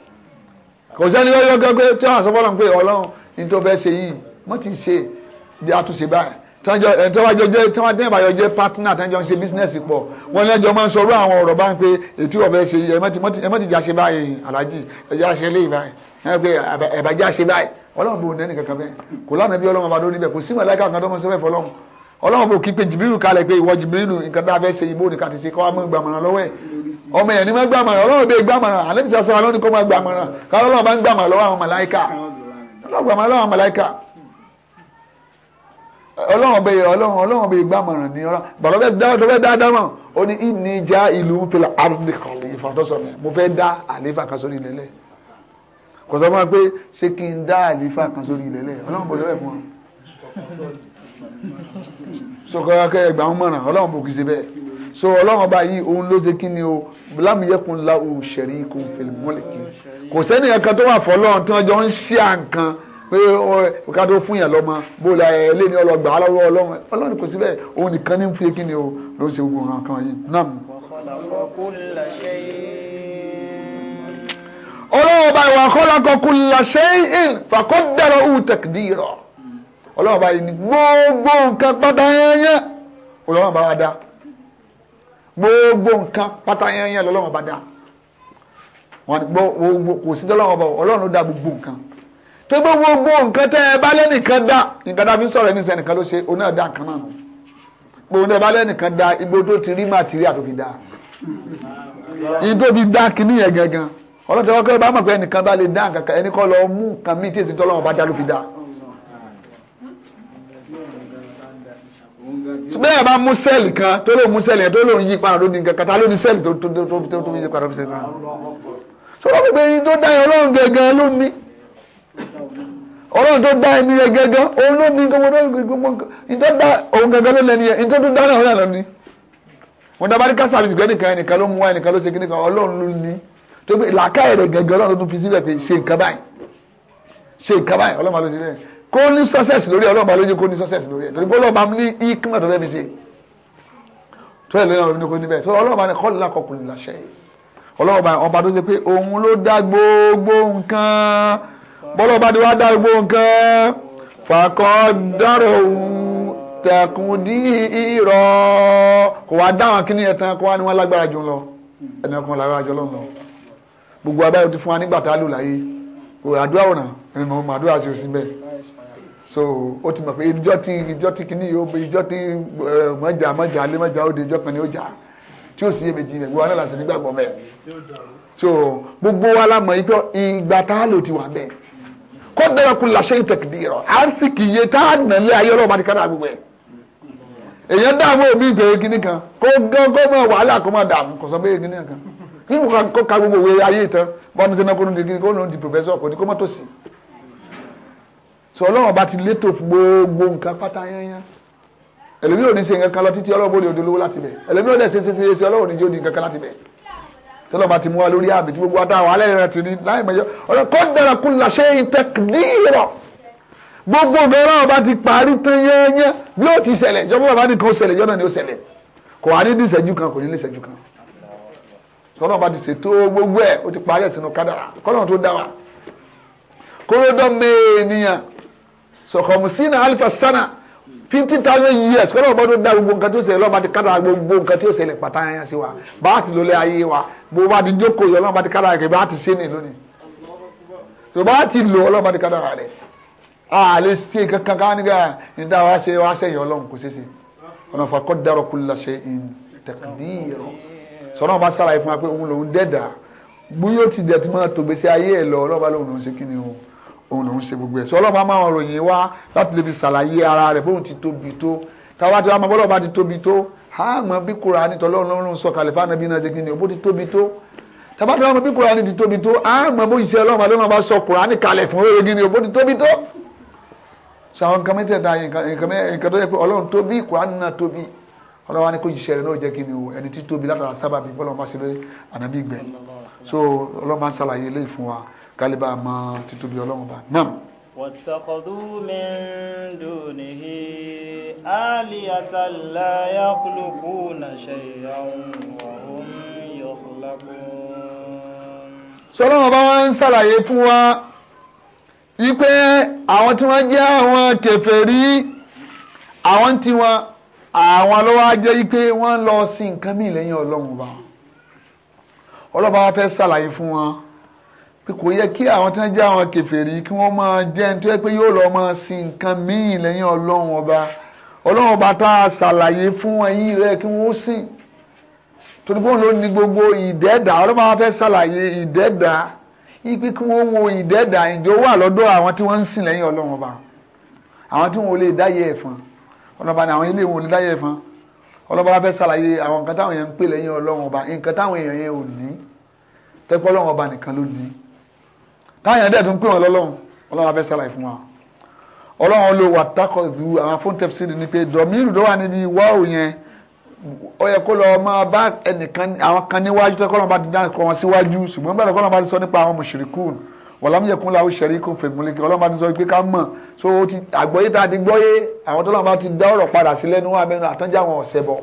kò sẹ́ni lọ́yọ́ gẹ́gẹ́ tí wọ́n sọ fọlọ́run pé tọ́jọ́ eh, tọ́jọ́ jẹ́ tọ́jọ́ ìbáyọ̀ jẹ́ partner. tọ́jọ́ ń ṣe bísínẹ́sì pọ̀ wọ́n ní ẹjọ́ máa ń sọ̀rọ̀ àwọn ọ̀rọ̀ bá ń pe ètò ọ̀bẹ ṣe ẹ̀mọ́tì jáṣe báyìí aláàjì ẹ̀já ṣe lé ìbáyìí ẹ̀bàjá ṣe báyìí ọlọ́run bò nẹ́ni kankan bẹ́ẹ̀ kò lánàá bí ọlọ́run bá lórí bẹ́ẹ̀ kò sí màláíkà kan tó mọ sọ́fẹ́ fọlọ́run ọlọ́run bò kí pé jìbìrù kalẹ̀ pé ìwọ jìbìrù nǹkan tá a fẹ́ ṣe ìbò nìkan ti ṣe kọ́ ọmọ ìgbàmọ̀ràn lọ́wọ́ ẹ̀ ọmọ ẹ̀ ní má gbàmọ̀ràn ọlọ́run bẹ́ẹ̀ gbàmọ̀ràn àlẹ́ bí sọ́sọ́ ọlọ́run kọ́ má gbàmọ̀ràn kọ́ ọlọ́run bá ń gbàmọ̀ràn lọ́wọ́ àwọn màláíkà ọlọ́run bẹ ọlọ́run ọlọ́run bẹ gbàmọ̀ràn ní ọlọ́run bàbá bẹ dá ọdọ bẹ dá dámọ̀ ó ní ìní já ìlú ń fi àrùndì kàlífà tó sọ mi mo fẹ́ dá àlífà kan sórí ilẹ̀ lẹ̀ kò sọ fún pé ṣé kí n dá àlífà kan sórí ilẹ̀ lẹ̀ ọlọ́run bọ̀ lọ́wọ́ fún wa so kọ́ akẹ́ ẹgbà ń mọ̀ràn ọlọ́run bò kì í ṣe bẹ́ẹ̀ so ọlọ́run bá yí òun ló ṣe kí ni o lámìyẹ́kùn la òṣèré kò fèlè mọ́lẹ̀ kí kò sẹ́nìyàn kan tó wà fọlọ́run tí wọ́n jọ ń ṣíà nǹkan pé ká tó fún yàn lọ́mọ bó la ẹ lé ní ọlọ́gbà alọ́wọ́ ọlọ́run ọlọ́run kò sí bẹ́ẹ̀ òun nìkan ní fi kíni o ló ń ṣe gbogbo nǹkan kan yìí náà. ọlọ́run bá ìwà kọ́lákọ́ kú làṣẹ ìn fàkọ́ dẹ̀rọ ù tẹ̀kìdìrọ̀ ọlọ́run bá ní gbogbo nǹkan pátá yẹnyẹn ọlọ́run bá wa dá gbogbo nǹkan pátá yẹnyẹn lọ́lọ́run bá dá wọn kò sí dọ́lọ́run bá ọlọ́run ló dá gbogbo nǹkan tó gbé gbogbo nǹkan tẹ́ ẹ bá lẹ́nìkan dá nǹkan tá a fi sọ̀rọ̀ ẹni sẹ́nìkan ló ṣe oná dá nǹkan náà gbogbo tẹ́ ẹ bá lẹ́nìkan dá igbó tó ti rí màtíríà tó fi dá igbó fi dá kinní yẹn gangan ọlọ́dẹ ọkọ ẹ bá mọ̀ pé ẹnìkan bá lè dá nǹkan kan ẹnì kan lọ mú nǹkan míì tí èsì tọ́lọ́wọ́n bá dá ló fi dá. bẹ́ẹ̀ bá mú sẹ́ẹ̀lì kan tó lóun mú sẹ́ẹ̀lì yẹn tó lóun yí padà lónìí nǹkan kan tá ló ní sẹ́ẹ̀lì tó fi yí padà lónìí sẹ́ẹ̀lì kan. sọ wọ́n pé tó dá yẹn ọlọ́run gẹ̀gẹ́ ló ní ọlọ́run tó dá ẹni yẹn gẹ́gẹ́ òun ló ní gbogbo náà gbogbo ìtọ́ dá òun gẹ́gẹ́ ló lẹ́ni yẹn ìtọ́ tó dá náà lọ́nà ni wọn dábàá ní ká sàbìsì gbẹ́ nìkan ẹnìkan ló mú wá ẹnìkan ló ṣe kíníkan ọlọ́run ló ní tó pé làákàyè rẹ̀ gẹ́gẹ́ ọlọ́run tó tún fi síbẹ̀ pé ṣe nǹkan báyìí ṣe nǹkan báyìí ọlọ́run ló ṣe bẹ́ẹ̀ kó ní sọ́sẹ̀sì lórí ọlọ́run ló jẹ́ kó ní sọ́sẹ̀sì lórí ẹ̀ torí pé ọlọ́run máa ní ikúnmọ̀ tó fẹ́ fi ṣe tó ẹ̀ lóyún ọlọ́run kò ní bẹ́ẹ̀ tó ọlọ́run máa ní kọ́ọ̀lù lákọ̀ọ́kùnrin làṣẹ ọlọ́run ọba tó ṣe pé òun ló dá gbogbo nǹkan bọ́lá bá ti wá dá gbogbo nǹkan fàkọ́ dárò tẹ̀kùn dí ìrọ̀ kò wá dáhùn kí ni ẹ̀tàn kó wá ní wọ́n lágbára jù lọ ẹ̀nà kan lágbára jù lọ gbogbo abáyọ ti fún wa nígbà tá a lò láyé àdúrà ọ̀nà ẹ̀mọ màdúrà sí òsín bẹ́ẹ̀ so ó ti mọ̀ pé ìjọ tí ìjọ tí kìíní yóò bẹ ìjọ tí mọ̀jà mọ̀jà alẹ́ mọ̀jà ó de ìjọ kan ni ó jà tí ó sì yé méjì rẹ̀ gbogbo aláàlá sí nígbàgbọ́ bẹ́ẹ̀ so gbogbo wa la mọ̀ ìgbà tá a lò ti wà bẹ́ẹ̀ kọ́dọ̀rọ̀ kù làṣẹ ìtẹ̀kìdìrọ̀ àrísìkì iye tá a nà lé ayé ọlọ́ọ̀bá ti ká dàgbò ẹ̀ èyàn dààmú òbí ìgbèrè kínní kan kó gán kó mọ wàhálà kó mọ dààmú kò sọ bẹ́ẹ̀ kínní kan nínú kó ka gbogbo òwe ayé ìtàn bọ́ọ̀mù sẹ́nà kó lóun ti kínní kó lóun ti pòfẹ́sọ̀ kò ní kó mọ́ tó sí i sọ ọlọ́run ọba ti létò gbogbo nǹkan pátá yányá ẹlòmíràn ò ní ṣe nǹkan kan lọ títí ọlọ́run bó lè odò lówó láti bẹ̀ ẹlòmíràn ò dẹ̀ ṣe ṣe tọ́lọ́ba ti mú wa lórí àmì tí gbogbo adáwọ̀ alẹ́ rẹ̀ ti ní láì mọ̀ yọ ọ̀rọ̀ kọ́ dára kú làṣẹ ìtẹ̀kìdìrọ̀ gbogbo mẹ́rán ọba ti parí tán yẹ́nyẹ́ bí ó ti ṣẹlẹ̀ ìjọba bàbá nìkan ó ṣẹlẹ̀ ìjọba ni ó ṣẹlẹ̀ kò wá ní ní ìṣẹ́jú kan kò ní ní ìṣẹ́jú kan tọ́lọ́ba bá ti ṣètò gbogbo ẹ̀ ó ti parí ẹ̀ sínú kádàrà kọ́lọ́ tó dá wa kóró dán sọ̀kọ̀mùsínà alifa fifty thousand years kọ́nà ọmọ tó dá gbogbo nǹkan tó ṣẹlẹ̀ lọ́ba ti kára gbogbo nǹkan tó ṣẹlẹ̀ pàtà yẹn sí wa bá a ti lólé ayé wa bó bá ti jókòó yọ ọlọ́ba ti kára rẹ̀ bá a ti ṣe ní lónìí tó bá a ti lò ọlọ́ba ti kára rẹ̀ a lè ṣe kankan ká nígbà níta wá ṣe wá ṣẹ̀yìn ọlọ́run kò ṣeéṣe ọ̀nà fàkọ́ dárọ̀ kú lọ́ṣẹ́ ìtẹ̀kùdíyẹ̀rọ̀ sọ̀rọ̀ ọba sàlàyé fún wa pé òun lòun dẹ́dà bóyá ó ti dẹ̀ tó máa tògbèsè ayé ẹ̀ lọ ọlọ́ba lòun lòun ṣe òun lòún ṣe gbogbo ẹ̀ sọ ọlọ́run máa ń ròyìn wá láti lè fi ṣàlàyé ara rẹ̀ bóun ti tóbi tó káwá tí wàá mọ bọ́lọ́ba ti tóbi tó àmọ́ bí Kùránì tọ́lọ́run lọ́rùn sọ kalẹ̀ fáwọn ẹbí náà ṣe kí ni òbó ti tóbi tó tàbátà wọn bí Kùránì ti tóbi tó àmọ́ bó ṣiṣẹ́ ọlọ́run adọ́nà bá sọ Kùránì kalẹ̀ fún oore kí ni òbó ti tóbi tó sàwọn nǹkan mẹ́tẹ̀ẹ̀ta nǹkan tó yẹ pé ọlọ́run tóbi Kùránì náà tóbi ọlọ́wà ní kó jíṣẹ́ rẹ̀ náà jẹ́ kí ni o ẹni tí tóbi látara sábàbí bọ́lọ́mọ́ sí lórí ànábì gbẹ̀yìn so ọlọ́mọ sàlàyé eléyìí fún wa kálíbà mọ títóbi ọlọ́run bá náà. واتخذوا من دونه آلية لا يخلقون شيئا وهم يخلقون sọlọ́wọ́n bá wọ́n ń ṣàlàyé fún wa wípé àwọn tí wọ́n jẹ́ àwọn kèfèrí àwọn tí wọ́n àwọn ló wá wípé wọ́n lọ sí nǹkan mìíràn lẹ́yìn ọlọ́run bá ọlọ́run bá wọ́n fẹ́ ṣàlàyé fún wọn pé kò yẹ kí àwọn tí wọ́n jẹ́ àwọn kèfèrí kí wọ́n máa jẹ́ ní tó yẹ pé yóò lọ máa sin nǹkan míì lẹ́yìn ọlọ́run ọba ọlọ́run ọba tá a ṣàlàyé fún ẹ̀yin rẹ̀ kí wọ́n sìn torí bóun ló ní gbogbo ìdẹ́ẹ̀dá ọlọ́run máa fẹ́ ṣàlàyé ìdẹ́ẹ̀dá ipe kí wọ́n wo ìdẹ́ẹ̀dá ìjọ wà lọ́dọ̀ àwọn tí wọ́n ń sìn lẹ́yìn ọlọ́run ọba àwọn tí wọn lè dáyé ẹ̀fọn ọlọ́ba ni àwọn ilé wọn lè dáyé ẹ̀fọn ọlọ́ba wa fẹ́ ṣàlàyé àwọn nǹkan táwọn èèyàn ń pè lẹ́yìn ọlọ́run ọba nǹkan táwọn èèyàn yẹn ò ní tẹ́pọ́ ọlọ́run ọba nìkan ló ní táyà dẹ̀ tún pè wọ́n lọ́lọ́run ọlọ́run abẹ́ sàlàyé fún wa ọlọ́run ló wà takọ̀dù àwọn fún tẹ̀síìdì ni pé dọ̀míìrù ló wà níbi wáò yẹn ó yẹ kó lọ máa bá ẹnìkan àwọn kan níwájú tó kọ́lọ́n bá ti dáhùn kọ́ wọn síwájú ṣùgbọ́n gbọ́dọ̀ kọ́lọ́n bá ti sọ nípa àwọn mùṣírikùn wọ̀lámùyẹ̀kún làwọn ṣẹ̀ríkùn fèmùlẹ́kì ọlọ́run bá ti sọ pé ká mọ̀ so àgbọ́yé tá a ti gbọ́yé àwọn tó lọ́run bá ti dá ọ̀rọ̀ padà sí lẹ́nu wọn abẹ́nu àtọ́jà wọn ọ̀sẹ̀ bọ̀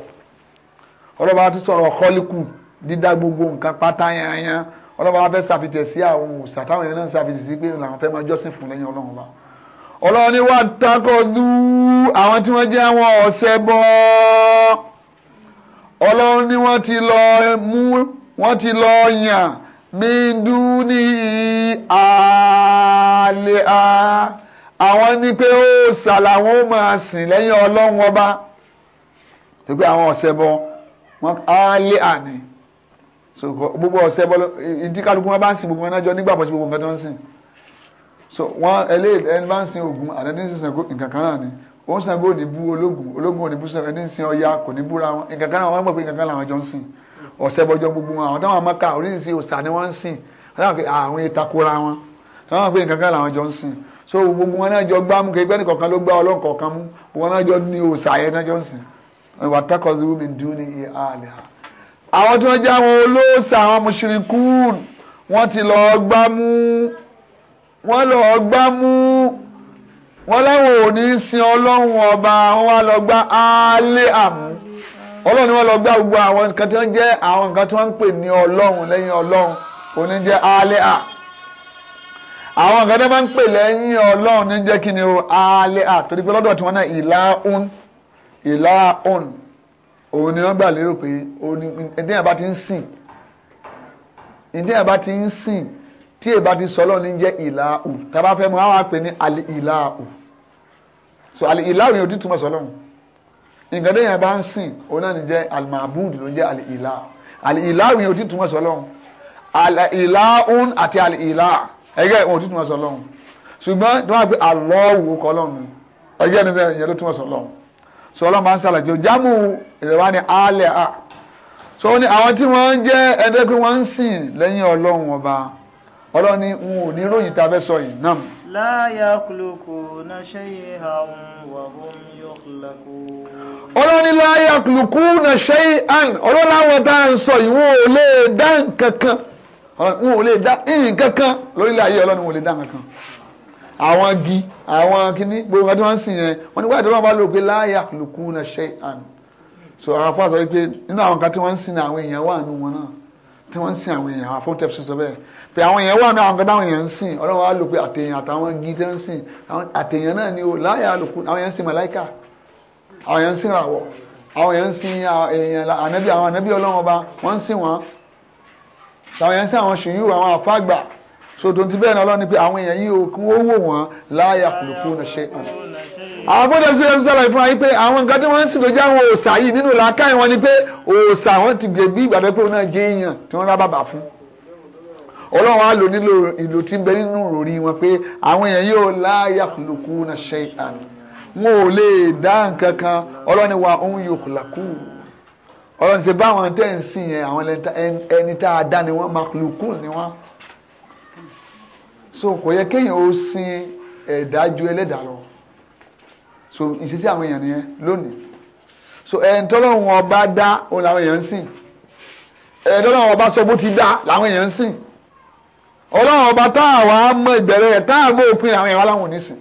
ọlọ́run bá ti sọ̀rọ̀ kọ́líkù dídá gbogbo nǹkan pátá yanyan ọlọ́run wa fẹ́ sí àwọn òòsà táwọn náà ṣàfihàn sí pé làwọn fẹ́ máa jọ́sìn fún lẹ́yìn ọlọ́run wa ọlọ́run ni wà takọ̀dú àwọn tí wọ́n jẹ́ àwọn ọ̀sẹ̀ bọ́ ọlọ́run ni wọ́n ti lọ mú wọ́n ti lọ yàn míndú ní àlè a àwọn ní pé ó ṣàlàwọ́n máa sìn lẹ́yìn ọlọ́run ọba tó pé àwọn ọ̀sẹ̀ bọ́ wọ́n àlè àní so gbogbo ọ̀sẹ̀ bọ́lọ́ ìdí kálukú wọn bá ń sin gbogbo ẹnájọ nígbà bọ́sí gbogbo nǹkan tó ń sìn so wọn ẹlẹ́yìn ẹni bá ń sin oògùn àtẹ́tí ń sin nǹkan kan náà ni ó ń san góò ní bú ológun ológun ò ní bú sẹ́fẹ̀ ní ń sin ọya kò ní búra wọn nǹkan kan náà wọn mọ̀ pé nǹkan kan làwọn jọ ń sìn ọ̀sẹ̀ bọ́jọ́ gbogbo wọn àwọn táwọn amáka oríṣiríṣi òòṣà ni wọ́n ń sìn àwọn ìtakora wọn táwọn pé nǹkan kan làwọn jọ ń sìn so gbogbo wọn náà jọ gbámú kẹgbẹ́ nìkọ̀ọ̀kan ló gbá ọlọ́nkọ̀ọ̀kan mú wọn náà jọ ní òòṣà yẹn náà jọ ń sìn wàtákọ̀ọ́ àwọn tí wọ́n jẹ́ àwọn olóòṣà àwọn mùṣírikùn wọ́n ti lọ gbá mú wọ́n lọ gbá mú wọ́n láwọn ò ní sin ọlọ́run ọba wọ́n wá lọ gbá áálé àmú ọlọ́run ni wọ́n lọ gbá gbogbo àwọn nǹkan tí wọ́n jẹ́ àwọn nǹkan tí wọ́n ń pè ní ọlọ́run lẹ́yìn ọlọ́run òní jẹ́ áálé à àwọn nǹkan tí wọ́n máa ń pè lẹ́yìn ọlọ́run ní jẹ́ kí ni o áálé à torí pé lọ́dọ̀ tí wọ́n náà ìlà òun ìlà òun òun ni wọ́n gbà lérò pé ẹ̀dẹ́n àbá ti ń sìn ẹ̀dẹ́n àbá ti ń sìn tí èbá ti sọ lọ́ọ̀ jẹ́ ìlàhù tábà fẹ́ mu àwọn àpè ní àlè ìlàhù so àlè ìlàhù yẹn ò ti túmọ̀ sọ lọ́hùn nǹkan déyàn bá ń sìn òun náà ní jẹ́ àlùmàbúùdù ló ń jẹ́ àlè ìlàhù àlè ìlàhù yẹn ò ti túmọ̀ sọ lọ́hùn àlè ìlàhù àti àlè ìlàhù ẹgbẹ́ wọn ò ti túmọ̀ sọ lọ́hùn so ọlọ́run máa ń ṣàlàyé o jámù ìrẹ̀wá ni alẹ́ a so ó ní àwọn tí wọ́n ń jẹ́ ẹgbẹ́ pé wọ́n ń sìn lẹ́yìn ọlọ́run ọba ọlọ́run ni n ò ní ròyìn tá a fẹ́ sọ yìí náà. láyà kúlùkù náà ṣe é àwọn wàhùn yóò kúlùkù. ọlọ́run ni láyà kúlùkù náà ṣe é àn ọlọ́run láwọn tá à ń sọ yìí wọn ò lè dá nǹkan kan wọn ò lè dá nǹkan kan lórílẹ̀ ayé ọlọ́run wọn ò lè dá nǹkan kan àwọn igi àwọn kíní gbogbo nǹkan tí wọ́n ń sìn yẹn wọ́n nígbà tí bá lò pé láàyè àlùkù náà ṣe àn so àwọn afọ àṣọ wípé nínú àwọn nǹkan tí wọ́n ń sìn àwọn èèyàn wà nínú wọn náà tí wọ́n ń sìn àwọn èèyàn àfọ́n tẹ́pù sísọ bẹ́ẹ̀ pé àwọn èèyàn wà náà àwọn kan táwọn èèyàn ń sìn ọlọ́run wá lò pé àtẹ̀yìn àtàwọn igi tí wọ́n ń sìn àtẹ̀yìn náà ni o láyà àlùkù àwọn èèyàn ń sìn màláìkà àwọn èèyàn ń sìn ràwọ̀ àwọn èèyàn ń sìn èèyàn ànábì àwọn ànábì ọlọ́run ọba wọ́n ń sìn wọn àwọn èèyàn ń sìn àwọn ṣùyú àwọn àfáàgbà so tó ń ti bẹ́ẹ̀ náà lọ́wọ́ ni pé àwọn èèyàn yìí òkun ó wò wọ́n láàyà kùlùkù ní ṣe hàn. àwọn bóde ṣe ń sọ̀rọ̀ ìfúnra yìí pé àwọn nǹkan tí wọ́n ń sìnkú jẹ́ àwọn òòṣà yìí nínú làákàyè wọn ni pé òòṣà wọn ti gbé bí ìgbàgbọ́ pé òun náà jẹ́ èèyàn tí wọ́n rábàbà fún. ọlọ́run á lò nílò ìlò tí ń bẹ nínú òrì wọn pé àwọn èèyàn yìí ò láàyà kùlùkù ní ṣe hàn. wọn ò lè dá nǹkan kan ọlọ́ni wa òun yóò ẹni tá a dá ni wọ́n makùlùkù ni wọ́n so kò yẹ kéèyàn ó sin ẹ̀dá ju ẹlẹ́dàá lọ so ìṣesí àwọn èèyàn nìyẹn lónìí so ẹni tọ́lọ́run ọba dá òun làwọn èèyàn ń sìn ẹni tọ́lọ́run ọba sọ bó ti dá làwọn èèyàn ń sìn ọlọ́run ọba tá a wà mọ ìbẹ̀rẹ̀ rẹ̀ tá a mọ òpin àwọn èèyàn aláwọn òní sìn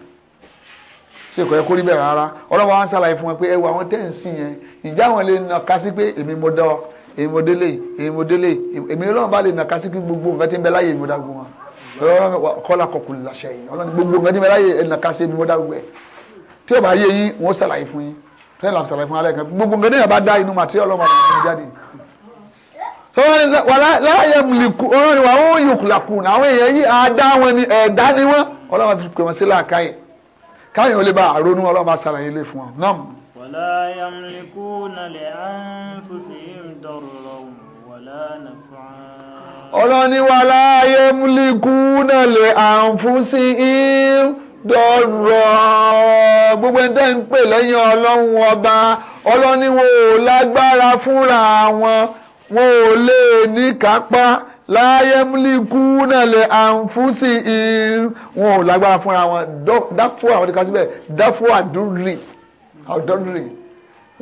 ṣé kò yẹ kó rí bẹ́ẹ̀ rárá ọlọ́run wa ń ṣàlàyé fún wọn pé ẹwà àwọn tẹ́ ń sìn yẹn ìjà wọn lè nàka sí pé èmi mo dá ọ èmi mo délé èmi mo délé èmi ọlọ́run bá lè nàka sí pé gbogbo nǹkan tí ń bẹ láyé èmi mo dá gbogbo wọn. Oh, kọ́lá kọkùn làṣẹ yìí ọlọ́ni gbogbo nǹkan tí mo ráyè ẹ̀nà ká ṣe ni mo dárúgbẹ́ tí ó bá yé yín wọ́n ṣàlàyé fún yín tí wọ́n ṣàlàyé fún alẹ́ kan gbogbo nǹkan tí yàrá bá dá inú màtí ọlọ́mọ àti jáde. láyé mìlìkù ọlọ́ni wà ó yòókù làkù àwọn èèyàn yìí àdá wọn ni ẹ̀dá ni wọ́n ọlọ́mọ fi pè wọ́n sí làákàyè káyọ̀ ó ọlọ́ni wà láàyè múlíkù náà lè àǹfùsí dọ̀rọ̀ gbogbo ẹ̀dá ń pè lẹ́yìn ọlọ́run ọba ọlọ́ni wọn ò lágbára fúnra wọn wọn ò lè ní kápá láàyè múlíkù náà lè àǹfùsí wọn ò lágbára fúnra wọn dáfó àwọn ti ká síbẹ̀ dáfó àdúrì àdúrì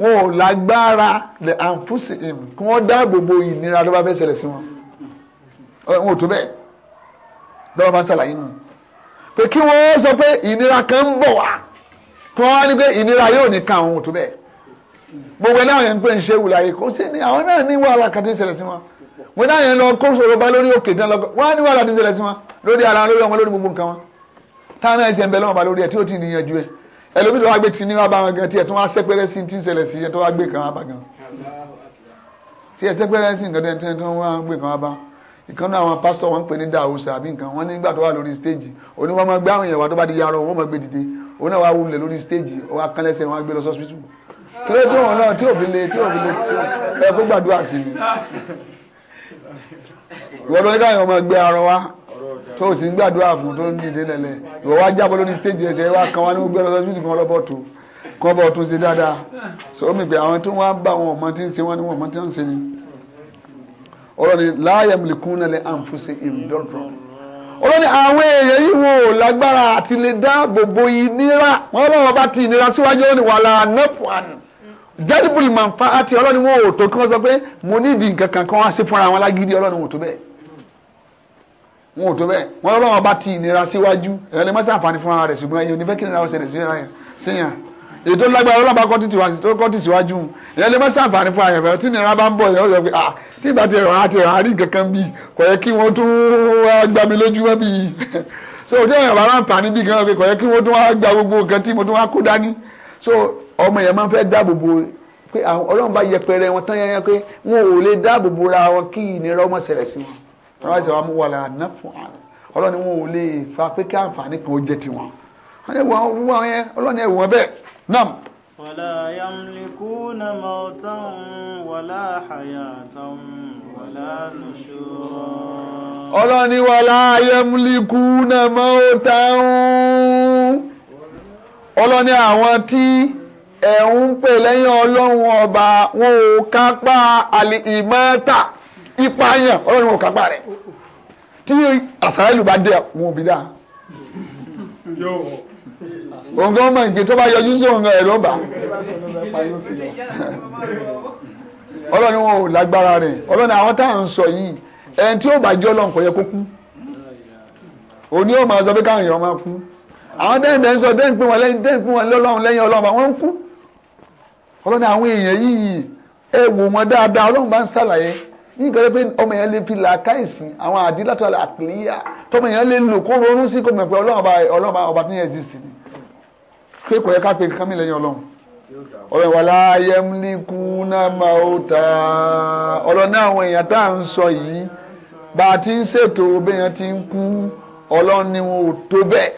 wọn ò lágbára lè àǹfùsí kí wọ́n dáàbò bo ìnira ló bá fẹ́ ṣẹlẹ̀ sí wọn wọn ò tó bẹ́ẹ̀ lọ́wọ́ bá ṣàlàyé nù pé kí wọ́n sọ pé ìnira kan ń bọ̀ wá kí wọ́n wá ní pé ìnira yóò ní kan àwọn ò tó bẹ́ẹ̀ gbogbo ẹ̀ náà yẹn ń pè ń ṣe wùlà yìí kò sí ni àwọn náà ní wàhálà kan tí ń ṣẹlẹ̀ sí wọn wọn náà yẹn lọ kó sọ̀rọ̀ bá lórí òkè dán lọ́gọ́ wọn á ní wàhálà tí ń ṣẹlẹ̀ sí wọn lórí ara lórí ọmọ lórí gbogbo nǹkan wọn táwọn náà ṣe ń bẹ lọ́wọ́ bá lórí ẹ̀ tí ó ti níyanjú ẹ̀ ẹlòmíì tó wá gbé ti ní bá wọn gan tí ẹ̀ tó wá sẹ́pẹ́rẹ́ sí ti ń sí ẹ̀ tó wá gbé kan wá bá gan tí ẹ̀ sẹ́pẹ́rẹ́ sí nǹkan tó wá gbé kan wá bá ìkan náà àwọn pásítọ̀ wọn ń pè ní dàhùsà àbí nǹkan wọn nígbà tó wà lórí stéèjì òní wọn máa gbé àwọn èèyàn wá tó bá di yarọ wọn máa gbé dìde òun náà wà wúlẹ̀ lórí stéèjì ó wà kán lẹ́sẹ̀ wọn gbé lọ sọ́sibítù kí ló dé wọn náà tí òbí le tí òbí le tí ẹ kó gbàdúrà sí ni ìwọ tó ní káyọ̀ máa gbé arọ wá tó o sì ń gbàdúrà fún tó ń dìde lẹ̀lẹ̀ ìwọ wá jábọ́ lórí stéèjì ẹsẹ̀ wá kan wá ní gbé lọ sọ́sibítù kan lọ́bọ̀ tó kọ́ bọ̀ tún ọlọ́ni láyẹ̀mùlìkún náà lè àǹfọ̀sẹ̀ ìmùdọ́dọ̀ ọlọ́ni àwọn èèyàn yìí wò lágbára àti lè dáàbò bo ìnira wọn lọ́wọ́ bá ti ìnira síwájú ọ̀nì wàhálà nọ́pọ̀ánù jẹ́dìbùlì màá fa àti ọlọ́ni wọn ò tó kí wọ́n sọ pé mo ní ìdí nǹkan kan kan wá sí fúnra wọn lágídí ọlọ́ni wọn tó bẹ́ẹ̀ wọn ò tó bẹ́ẹ̀ wọn lọ́wọ́ bá ti ìnira síwájú ẹ̀rọ ni mọ́sá àǹfààní fúnra rẹ̀ ṣùgbọ́n ẹ̀yin onífẹ́ kí ìnira ọ̀sẹ̀ rẹ̀ sí èyí tó lágbára ọlọ́ba kọ́ títí wájú tó kọ́ títí wájú ìyẹn lè má sàǹfààní fún àyẹ̀fẹ́ tí nira bá ń bọ̀ ìyẹn ó sọ pé ah tí ìgbà tí ẹ̀rọ àti ẹ̀rọ àárín kankan bíi kò yẹ kí wọ́n tún wá gbá mi lójú mọ́ bíi so tí ẹ̀rọ bá láǹfààní bíi gan-an pé kò yẹ kí wọ́n tún wá gba gbogbo nǹkan tí mo tún wá kó dání so ọmọ yẹn máa ń fẹ́ dáàbòbò pé ọlọ́run bá yẹpẹrẹ wọn tán yẹn pé wọn ò lè dáàbòbò ra wọn kí ìnira ọmọ ṣẹlẹ̀ sí wọn àwọn àìsàn wa mú wà lára náà fún àná ọlọ́run wọn ò lè fa pé kí àǹfààní kan ó jẹ́ tiwọn. wọ́n yẹ ọlọ́run yẹn wọ́n bẹ́ẹ̀ نعم ولا يملكون موتا ولا حياة ولا نشورا ọlọ́ni wàlá ayẹ́múlíkú náà ọlọ́ni àwọn tí ẹ̀hún ń pè lẹ́yìn ọlọ́run ọba wọn ò kápá àlè ìmọ́ta ìpààyàn ọlọ́run wọn ò kápá rẹ̀ tí àṣàlẹ́lù bá dé wọn ò bí dáa òun gan mọ̀ ìpè tó bá yọjú sí òun ẹ̀rọ bá ọlọ́ni wọn ò lágbára rẹ̀ ọlọ́ni àwọn tá à ń sọ yìí ẹni tí ó bá jẹ́ ọlọ́run kò yẹ kó kú òní ó máa sọ pé káwọn èèyàn máa kú àwọn dẹ́ǹdẹ́ ń sọ dẹ́ǹ pé wọn lẹ́yìn dẹ́ǹ pé wọn lọ́lọ́run lẹ́yìn ọlọ́run àwọn ń kú ọlọ́ni àwọn èèyàn yìí ẹ wò wọn dáadáa ọlọ́run bá ń ṣàlàyé nígbà pé ọmọ yẹn lè fi làákàyèsí àwọn àdílátọ̀ àkìlíyà tọmọ yẹn lè lò kó ronú sí kó mọ̀ pé ọlọ́run ọba tó yẹn exist ni ṣé kò yẹ ká pe nǹkan mi lẹ́yìn ọlọ́run ọ̀rọ̀ wà láàyè ńlíkù náà máa ó ta ọ̀rọ̀ náà àwọn èèyàn tá à ń sọ yìí bá a ti ń ṣètò béèyàn ti ń kú ọlọ́run ni wọn ò tó bẹ́ẹ̀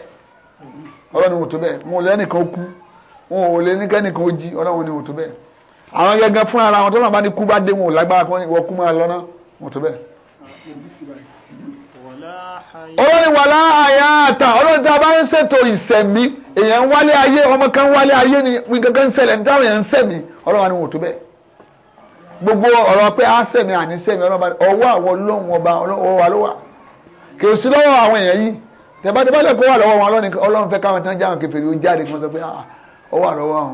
ọlọ́run ni wọn ò tó bẹ́ẹ̀ wọn ò lẹ́nìkan kú wọn ò lè jí ọlọ́run ni wọn ò tó bẹ́ẹ̀ àwọn gẹ́gẹ́ fún ara wọn tó náà bá ní kú bá dé wọn ò lágbára kan wọ́n kú máa lọ náà wọn tó bẹ́ẹ̀ olórí wàlá àyà àtà olórí tá a bá ń ṣètò ìsẹ̀mí èèyàn ń wálé ayé ọmọ kan wálé ayé ni nǹkan kan ń ṣẹlẹ̀ ní táwọn èèyàn ń sẹ̀mí ọlọ́run ni wò tó bẹ́ẹ̀ gbogbo ọ̀rọ̀ pé á sẹ̀mí àní sẹ̀mí ọwọ́ àwọn olóhùn ọba ọwọ́ wa ló wà kì í sí lọ́wọ́ àwọn èèyàn yìí tẹ̀bátẹ̀bátẹ̀ kó wà lọ́wọ́ wọn ọlọ́run fẹ́ káwọn tán jáwọn kẹfẹ́ yóò jáde kí wọ́n sọ pé ah, ah, ọwọ́ àlọ́wọ́ àwọn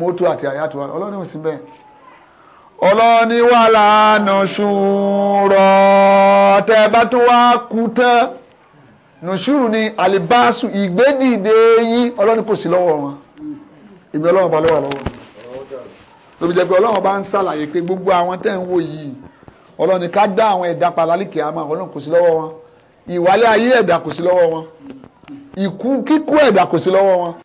mọ́tò àti àyàtọ̀ ọlọ́run sì bẹ́ẹ̀ ọlọ́ni wà lánà ṣùrọ̀ tẹ́ bá tún wá kú tán nùṣùrù ni àlìbáṣù ìgbédìde yín ọlọ́ni kò sí lọ́wọ́ wọn ìgbé ọlọ́run bá lọ́wọ́ lọ́wọ́ lóbi jẹ́ pé ọlọ́run bá ń ṣàlàyé pé gbogbo àwọn tẹ́ ń wò yìí ọlọ́ni ká dá àwọn ẹ̀dá palálíkì àmọ́ ọlọ́run kò sí lọ́wọ́ wọn ìwálé ayé ẹ̀dá kò sí lọ́wọ́ wọn ìkú kíkú ẹ̀dá kò sí lọ́wọ́ wọn.